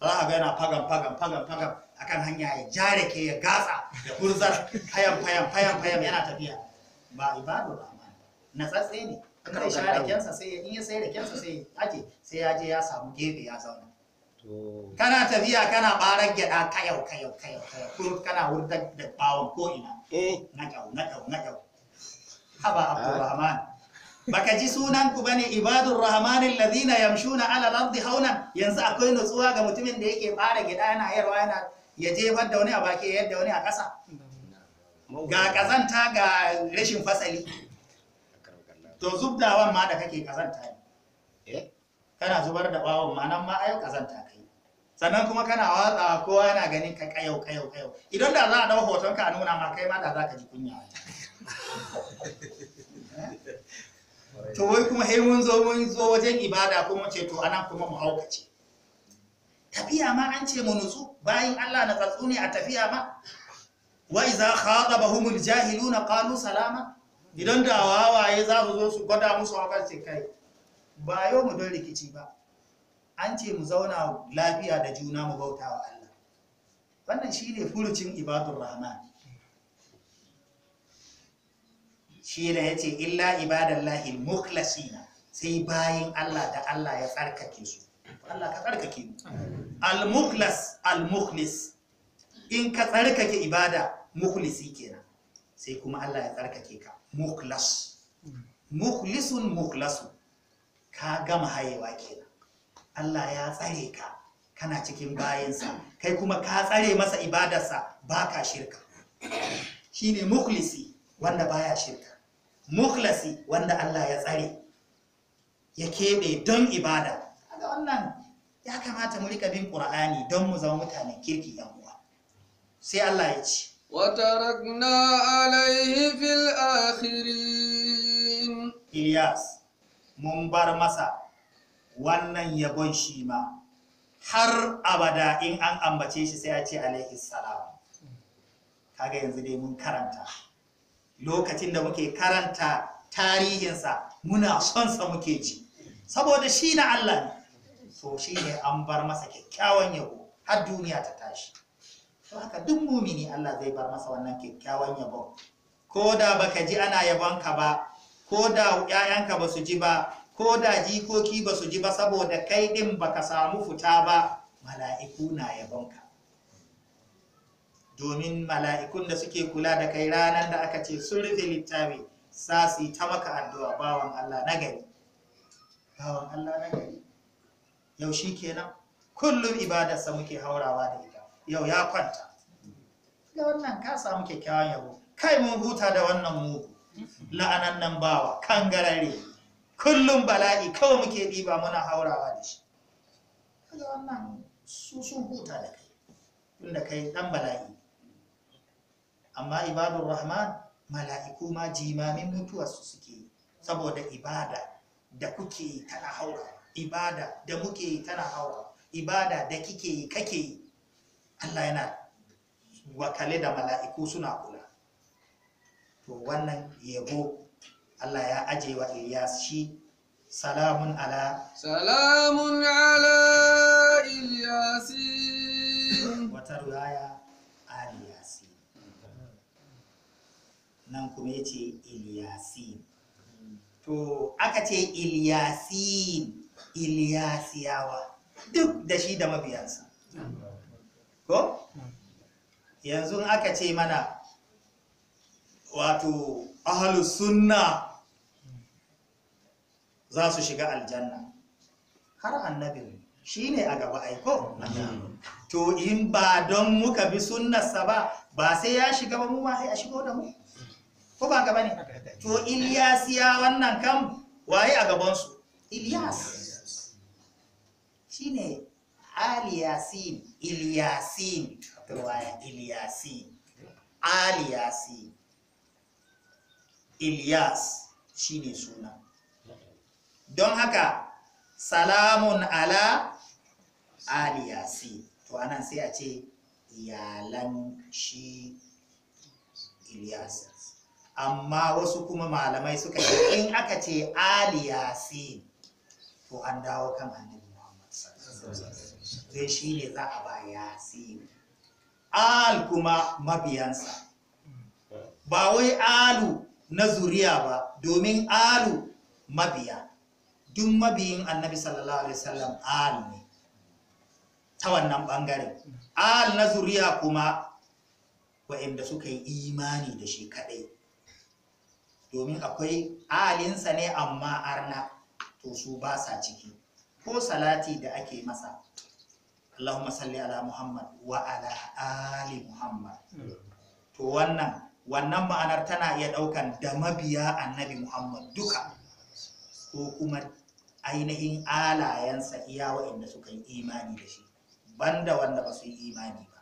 S1: za ka ga yana fagan fagan fagan fagan akan hanya ya jare ke ya gatsa da gurzar fayan fayan fayan fayan yana tafiya ba ibadur rahman natsatse ne in zai sha rakensa sai in ya sai rakensa sai sai ya je ya samu gefe ya zauna kana tafiya kana barar gyada kayau kayau kayau kayau kurut kana wurta da bawon ko ina eh. na kyau na kyau na kyau haba abdurrahman baka ji sunan ku bane ibadur rahman alladhina yamshuna ala al-ardi haunan yanzu akwai nutsuwa ga mutumin da yake bara gida yana yarwa yana ya jefar da wani a baki yadda wani a ƙasa ga kazanta ga rashin fasali to zubdawan ma da kake kazanta ne kana zubar da bawon ma nan ma ayo kazanta kai sannan kuma kana watsa kowa yana ganin ka kayau kayau kayau idan da za a dau hoton ka a nuna ma kai ma da za ka ji kunya to wai kuma sai mun zo mun zo wajen ibada kuma ce to anan kuma mu haukace tafiya ma an ce mu nutsu bayan Allah na tsatsu ne a tafiya ma wa iza khadabahumul jahiluna qalu salama idan da wawaye za su zo su gwada musu hakan ce kai ba yau mu don rikici ba an ce mu zauna lafiya da juna mu bauta wa Allah wannan shi ne furucin ibadun rahman shi ne ya ce illa ibadallahi muklasina sai bayan Allah da Allah ya tsarkake su Allah ka tsarkake mu al-muklas al-muklis in ka tsarkake ibada muklisi kenan sai kuma Allah ya tsarkake ka muklas Muklisun mukhlasun ka gama hayewa kenan Allah ya tsare ka kana cikin bayansa kai kuma ka tsare masa ibadarsa baka shirka shine mukhlisi wanda baya shirka mukhlasi wanda Allah ya tsare ya keɓe don ibada kaga wannan ya kamata mu rika bin qur'ani don mu zama mutanen kirki yan uwa sai Allah ya ce
S2: وتركنا عليه في الآخرين
S1: إلياس mun bar masa wannan yabon shi ma har abada in an ambace shi sai a ce alaihi salam kaga yanzu dai mun karanta lokacin da muke karanta tarihinsa muna son sa muke ji saboda shi na Allah ne so shi ne an bar masa kyakkyawan yabo har duniya ta tashi to haka duk mumini Allah zai bar masa wannan kyakkyawan yabo ko da baka ji ana yabon ka ba ko da 'ya'yanka ba su ji ba ko da jikoki ba su ji ba saboda kai ɗin ka samu fita ba mala'iku na yabonka domin mala'ikun da suke kula da kai ranar da aka ce sun rufe littafi yi ta maka addu'a bawan Allah na gari bawan Allah na gari yau shi kenan kullum ibadarsa muke haurawa da ita yau ya kwanta da wannan ka samu kyakkyawan yabo kai mun huta da wannan mugu la'anan nan bawa kan garare kullum bala'i kawai muke ɗiba muna haurawa da shi kaga wannan su sun huta da kai tunda kai ɗan bala'i amma ibadun rahman mala'iku ma jimamin su suke saboda ibada da kuke yi tana haura ibada da muke yi tana haura ibada da kike yi kake yi Allah yana wakale da mala'iku suna kula to wannan yabo Allah ya aje wa Ilyas shi salamun ala
S2: salamun ala Ilyasi wata ruwaya Aliyasi
S1: nan kuma yace Ilyasi to aka ce Ilyasi Ilyasiyawa duk da shi da mabiyansa ko yanzu aka ce mana wato ahalu sunna za su shiga aljanna har annabin shi ne a gaba aiko to in ba don muka bi sunnarsa ba ba sai ya shiga ba mu ma sai a shigo da mu ko ba gaba ne to ilyas ya wannan kam waye a gabansu ilyas shi ne aliyasin ilyasin to waye ilyasin aliyasin Ilyas shine suna don haka salamun ala aliyasi to anan sai a ce iyalan shi Ilyas amma wasu kuma malamai suka ce in aka ce aliyasi to an dawo kan annabi Muhammad sai shi ne za a ba yasi al kuma mabiyansa ba wai alu na zuriya ba domin alu mabiya duk mabiyin annabi sallallahu alaihi wasallam al ne ta wannan bangare al na zuriya kuma wa'inda suka yi imani da shi kadai domin akwai alinsa ne amma arna to su ba sa ciki ko salati da ake masa Allahumma salli ala Muhammad wa ala ali Muhammad to wannan wannan ma'anar tana iya ɗaukan da mabiya annabi muhammad duka ko kuma ainihin alayensa iya wa'inda suka yi imani da shi banda wanda ba su yi imani ba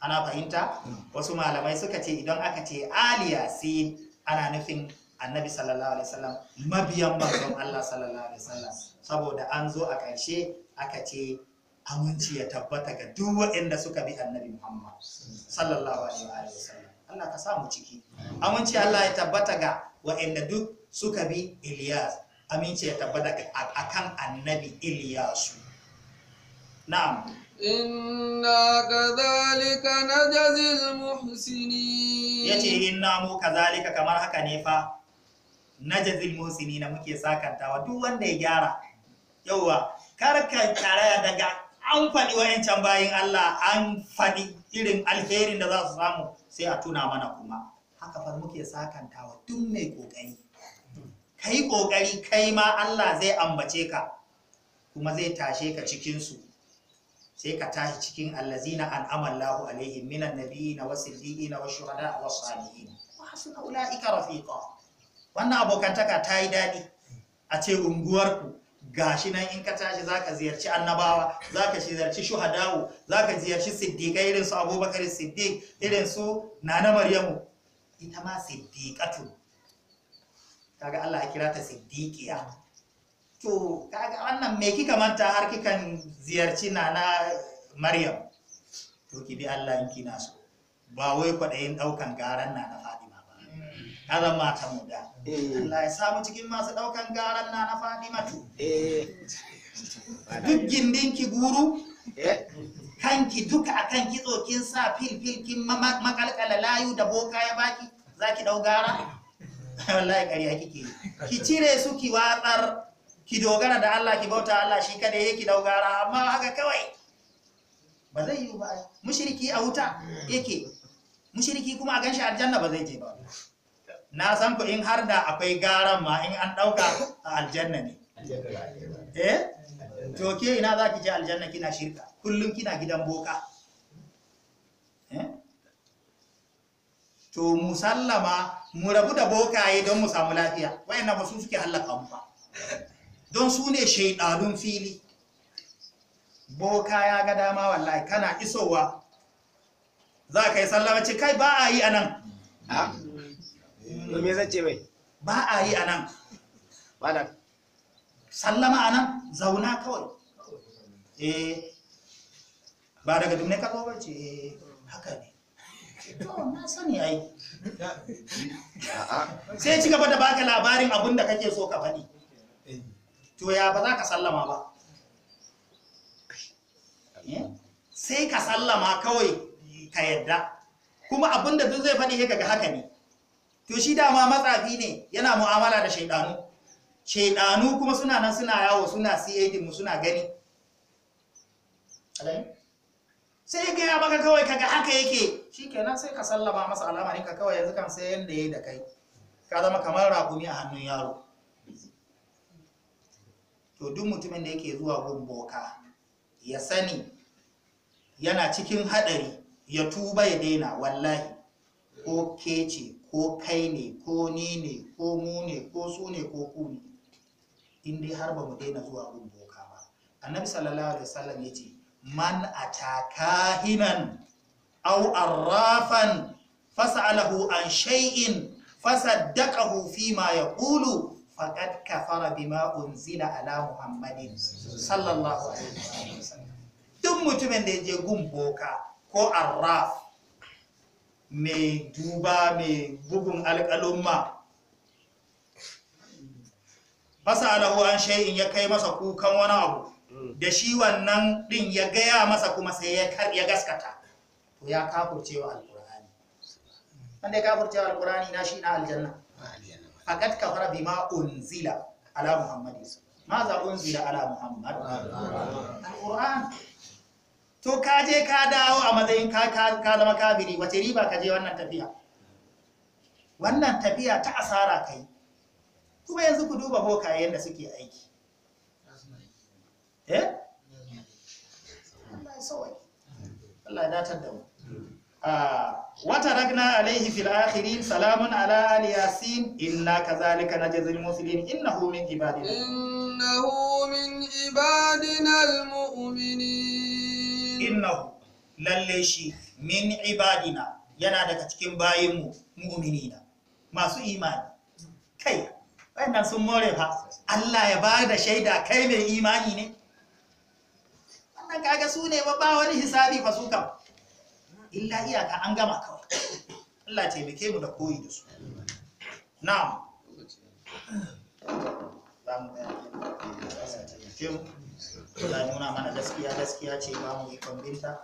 S1: ana fahimta wasu malamai suka ce idan aka ce aliya sai ana nufin annabi sallallahu alaihi wasallam mabiyan manzon Allah sallallahu alaihi wasallam saboda an zo a karshe aka ce aminci ya tabbata ga duk wa'inda suka bi annabi Muhammad sallallahu alaihi wasallam Allah ka samu ciki aminci Allah ya tabbata ga wa'anda duk suka bi Ilyas aminci ya tabbata ga akan annabi Ilyasu na'am
S2: inna jazil muhsini. Ya ce
S1: inna mu zalika kamar haka ne fa muhsini na muke sakantawa duk wanda ya gyara Yauwa, karka karaya daga an faɗi wa'ancan bayin Allah an faɗi irin alherin da za su samu sai a tuna mana kuma haka fa muke sakantawa duk mai kokari kai kokari kai ma Allah zai ambace ka kuma zai tashe ka cikin su sai ka tashi cikin allazina an'ama Allahu alaihim minan nabiyina wasiddiqina washuhada was-salihin wa hasuna rafiqa wannan abokantaka ta yi dadi a ce unguwarku gashi nan in ka tashi zaka ziyarci annabawa zaka ziyarci shuhadawu zaka ziyarci siddiqai irin su abubakar siddiq irin su nana maryamu ita ma siddiqatu kaga Allah ya kira ta siddiqiya to kaga wannan me kika manta har kikan ziyarci nana maryam to ki bi Allah in kina so ba wai kwaɗayin ɗaukan garan nana haram mata mu da eh. Allah ya samu cikin masu daukan garan na na Fatimatu eh. duk gindin ki guru eh. kanki duka akan kitso kin sa filfil kin makalkala layu da boka ya baki zaki dau gara wallahi ƙarya kike ki cire su ki watsar ki dogara da Allah ki bauta Allah shi kada yake dau gara amma haka kawai ba zai yi ba mushriki a wuta yake mushriki kuma a ganshi aljanna ba zai je ba na san ku in har da akwai garan ma in an ɗauka a aljanna ne eh to ke ina za ki je aljanna kina shirka kullum kina gidan boka eh? to musallama mu rabu da bokaye don mu samu lafiya wayannan ba su suke hallaka mu ba don su ne shaidanun fili boka ya ga dama wallahi kana isowa za ka yi sallama ce kai ba a yi anan ah? to me zan ce mai ba a yi anan da sallama anan zauna kawai eh, ba daga dumne ka zo bace eh, haka ne to na sani ai sai ci gaba da baka labarin abun da kake so ka faɗi to ya ba za ka sallama ba eh? sai ka sallama kawai ka yadda kuma abinda da duk zai faɗi ya kaga haka ne to shi dama matsafi ne yana mu'amala da shaidanu shaidanu kuma suna nan suna yawo suna cad mu suna gani sai ga ya baka kawai kaga haka yake shikenan sai ka sallama masa al'amarin ka kawai yanzu kan sai yanda yayi da kai ka zama kamar rakumi a hannun yaro to duk mutumin da yake zuwa gun boka ya sani yana cikin haɗari, ya tuba ya daina wallahi ko ke ce ko kai ne ko ni ne ko mu ne ko su ne ko ku ne in dai har ba mu daina zuwa gun boka ba annabi sallallahu alaihi wasallam yace man ataka hinan aw arrafan fas'alahu an shay'in fasaddaqahu fi ma yaqulu faqad kafara bima unzila ala muhammadin sallallahu alaihi wasallam duk mutumin da ya je gun boka ko arraf mai duba mai bugun alƙalumma fasalahu an shay'in ya kai masa kukan wani abu da shi wannan din ya gaya masa kuma sai ya gaskata to ya kafurce wa alƙur'ani wanda ya kafurce wa alƙur'ani na shi na aljanna faqad kafara bima unzila ala muhammadin ma za unzila ala muhammadin alƙur'ani to ka je ka dawo a matsayin ka ka zama kafiri wace riba ka je wannan tafiya wannan tafiya ta asara kai kuma yanzu ku duba bokayen da suke aiki eh Allah ya Allah ya datar da mu ah, wata ragna alaihi fil akhirin salamun ala al yasin inna kadhalika najzil muslimin innahu min ibadina
S2: innahu min ibadina al mu'minin
S1: innahu lalle shi min ibadina yana daga cikin bayinmu mu'minina masu imani kai wannan sun more fa Allah ya ba da shaida kai mai imani ne wannan kaga su ne ba wani hisabi fa su kam illa iyaka an gama kawai Allah taimake mu da koyi da su na'am zamu ga Allah ya nuna mana gaskiya gaskiya ce ba mu ikon binta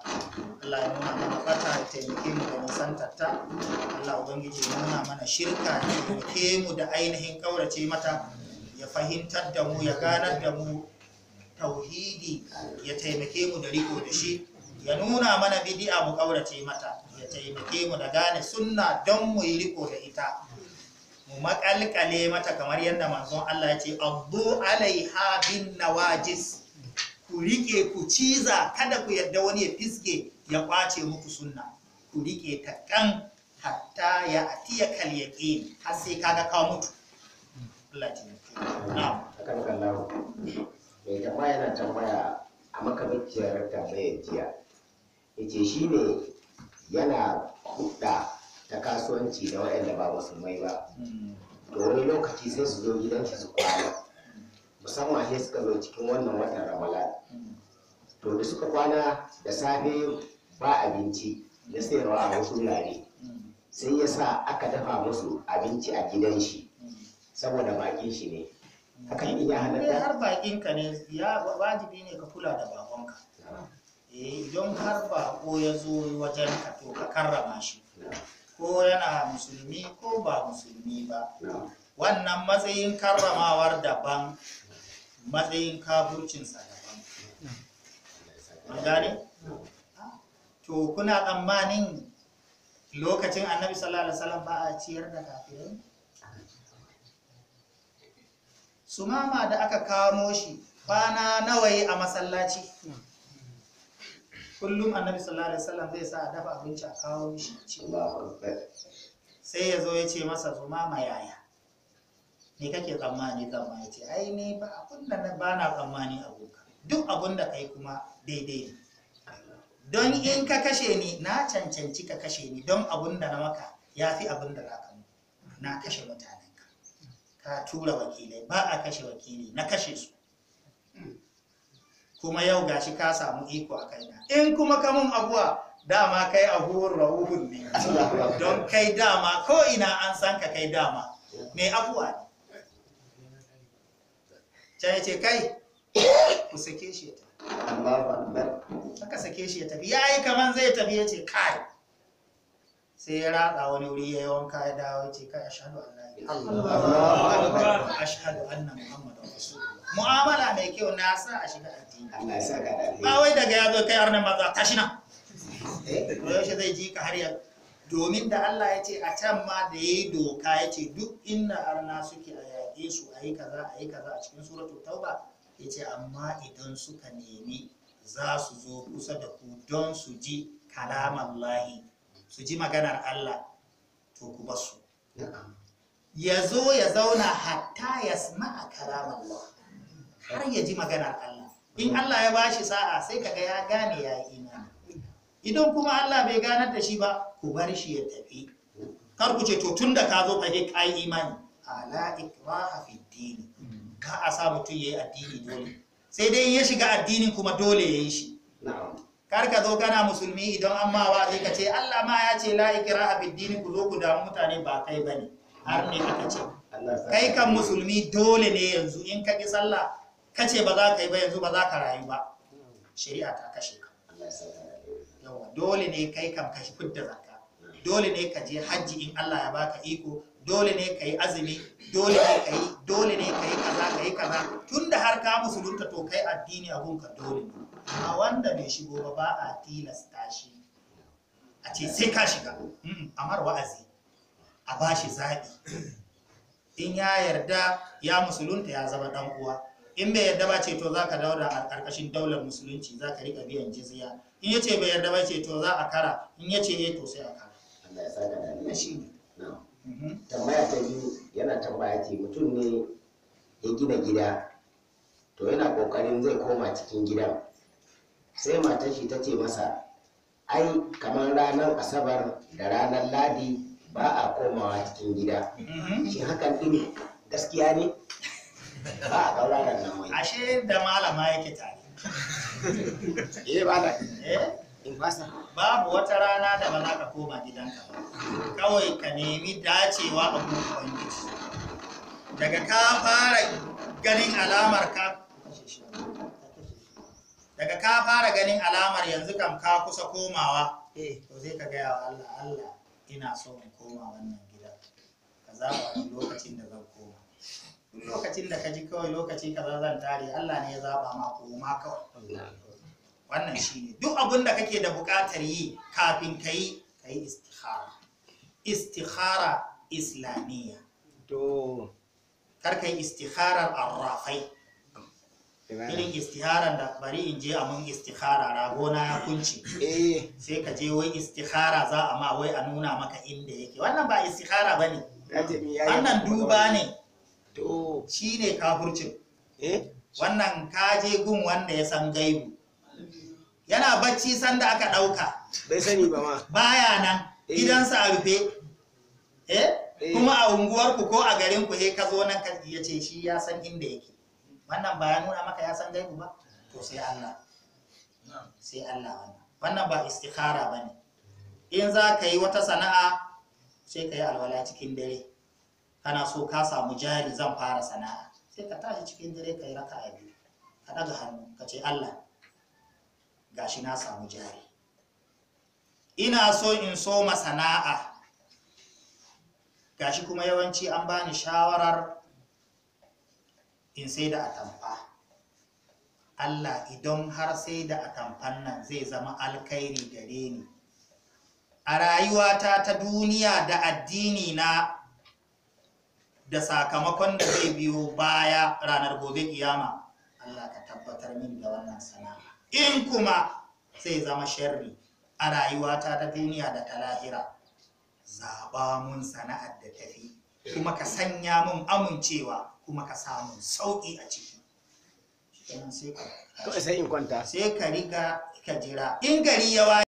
S1: Allah ya nuna mana bata ya taimake mu da nisantar ta Allah ubangiji ya nuna mana shirka ya taimake mu da ainihin kaurace mata ya fahimtar da mu ya ganar da mu tauhidi ya taimake mu da riko da shi ya nuna mana bidi'a mu kaurace mata ya taimake mu da gane sunna don mu yi riko da ita mu maƙalƙale mata kamar yadda manzon Allah ya ce abdu alaiha bin nawajis ku riƙe ku ciza kada ku yadda wani ya fiske ya kwace muku sunna ku riƙe ta kan hatta ya atiya kal yaqin har sai kaga ka mutu Allah ya na'am kan mai tambaya yana tambaya a makamaciyar tambayar jiya yace shine yana hudda ta kasuwanci da waɗanda ba musulmai ba hmm. to wani lokaci sai su zo gidanki su kwana musamman sai suka zo cikin wannan watan ramadan to da suka kwana da safe ba abinci da sayarwa a wasu wurare sai ya sa aka dafa musu abinci a gidan shi saboda bakin shi ne hakan iya halatta eh, har bakin ka ne ya wajibi ne ka kula da bakonka eh, don har bako ya zo wajen ka to ka karrama shi ko yana musulmi ko ba musulmi ba wannan matsayin karramawar daban matsayin kafurcinsa daban gane to kuna tsammanin lokacin annabi sallallahu alaihi wasallam ba a ciyar da kafirai sumama da aka kamo shi kwana nawa yi a masallaci kullum annabi sallallahu alaihi wasallam zai sa a dafa abinci a kawo shi cewa sai ya zo ya ce masa zumama yaya ne kake tsammani tsammani ya ce ai ni ba abun da na ba na tsammani aboka duk abun da kai kuma daidai ne don in ka kashe ni na cancanci ka kashe ni don abun da na maka ya fi abun da zaka ka mu na kashe mutanen ka ka tura wakilai ba a kashe wakili na kashe su kuma yau gashi ka samu iko a kaina in kuma ka mun abuwa dama kai abuwar rahuhun ne don kai dama ko ina an san ka kai dama mai abuwa ne can ce kai ku sake shi ya tafi aka sake shi ya tafi yayi kaman zai tafi ya ce kai sai ya ratsa wani wuri ya yi wanka ya dawo ya ce kai ashadu Allah ashadu anna Muhammadu Rasulullah mu'amala mai kyau na sa a shiga addini ba wai daga ya kai har nan shina eh nan yaushe zai ji ka har ya domin da Allah ya ce a can ma da ya yi doka ya ce duk inna arna suke a yaƙe su a yi kaza a yi kaza a cikin suratul tauba ya ce amma idan suka nemi za su zo kusa da ku don su ji kalaman lahi su ji maganar Allah to ku basu ya zo ya zauna hatta ya sma a kalaman Allah har ya ji maganar Allah in Allah ya bashi sa'a sai kaga ya gane ya yi imani idan kuma Allah bai ganar da shi ba ku bar shi ya tafi kar ku ce to tunda da ka zo fa ka yi imani ala ikraha fi dini hmm. ka a sa mutum ya yi addini dole sai dai ya shiga addini kuma dole ya yi shi kar ka zo kana musulmi idan an ma wa zai ce Allah ma ya ce la ikraha fi dini ku zo ku damu mutane ba kai bane har ne aka ce kai kan musulmi dole ne yanzu in ka ki sallah ka ce ba za ka yi ba yanzu ba za ka rayu ba shari'a ta kashe ka dole ne kai kan kashi fudda zakka dole ne ka je hajji in Allah ya baka iko dole ne ka yi azumi dole ne ka yi dole ne ka yi kaza ka yi kaza tunda har ka musulunta to kai addini a ka dole ne a wanda bai shigo ba ba a tilasta shi a ce sai ka shiga hmm, amar wa'azi a ba shi zaɓi in ya yarda ya musulunta ya zama ɗan uwa in bai yarda ba ce to za ka daura a ƙarƙashin daular musulunci za ka riƙa biyan jizya in ya ce bai yarda ba ce to za a kara in ya ce eh to sai a kara tambaya ta biyu yana tambaya ce mutum ne ya gina gida to yana kokarin zai koma cikin gidan sai matar shi ta ce masa ai kamar ranar asabar da ranar ladi ba a komawa cikin gida shi hakan din gaskiya ne ba a kawo ranar nan wai ashe da malama yake tare eh ba da eh in eh, fasa babu wata rana da ba za ka koma gidanka ba kawai ka nemi dacewa a kuma daga ka fara ganin alamar ka daga ka fara ganin alamar yanzu kam ka kusa komawa Eh to zai ka gaya wa Allah Allah ina so in koma wannan gida ka zaɓa lokacin da zan koma lokacin da ka ji kawai lokaci ka zan tare Allah ne ya zaba ma koma kawai wannan shine duk abin da kake da buƙatar yi kafin ka yi ka yi istikhara istikhara islamiyya to karka yi istikharar arrafai irin istikharar da bari in je a mun istikhara ragona ya kunci eh. sai ka je wai istikhara za a ma wai a nuna maka inda yake wannan ba istikhara ba ne wannan duba ne shi ne kafurcin eh? wannan ka je gun wanda ya san gaibu yana bacci sanda aka ɗauka bai sani ba ma baya nan eh. gidansa a rufe eh? Eh. kuma a unguwarku ko a garinku ku ka zo nan ka ya ce shi ya san inda yake wannan ba ya nuna maka ya san gaibu ba to sai Allah sai Allah wannan wannan ba istikhara bane in za ka yi wata sana'a sai ka yi alwala cikin dare kana so ka samu jari zan fara sana'a sai ka tashi cikin dare ka yi raka'a biyu ka daga hannu ka ce Allah gashi na samu jari ina so in so sana'a gashi kuma yawanci an bani shawarar in sai da atamfa Allah idan har sai da atamfan nan zai zama alkhairi gare ni a rayuwata ta duniya da addini na da sakamakon da zai biyo baya ranar gobe kiyama Allah ka tabbatar min da wannan sana'a in kuma zai zama sharri a rayuwa ta duniya da ta lahira zaɓa mun sana'ar da tafi kuma ka sanya mun amincewa kuma ka samu sauƙi a ciki sai ka riga ka jira in gari ya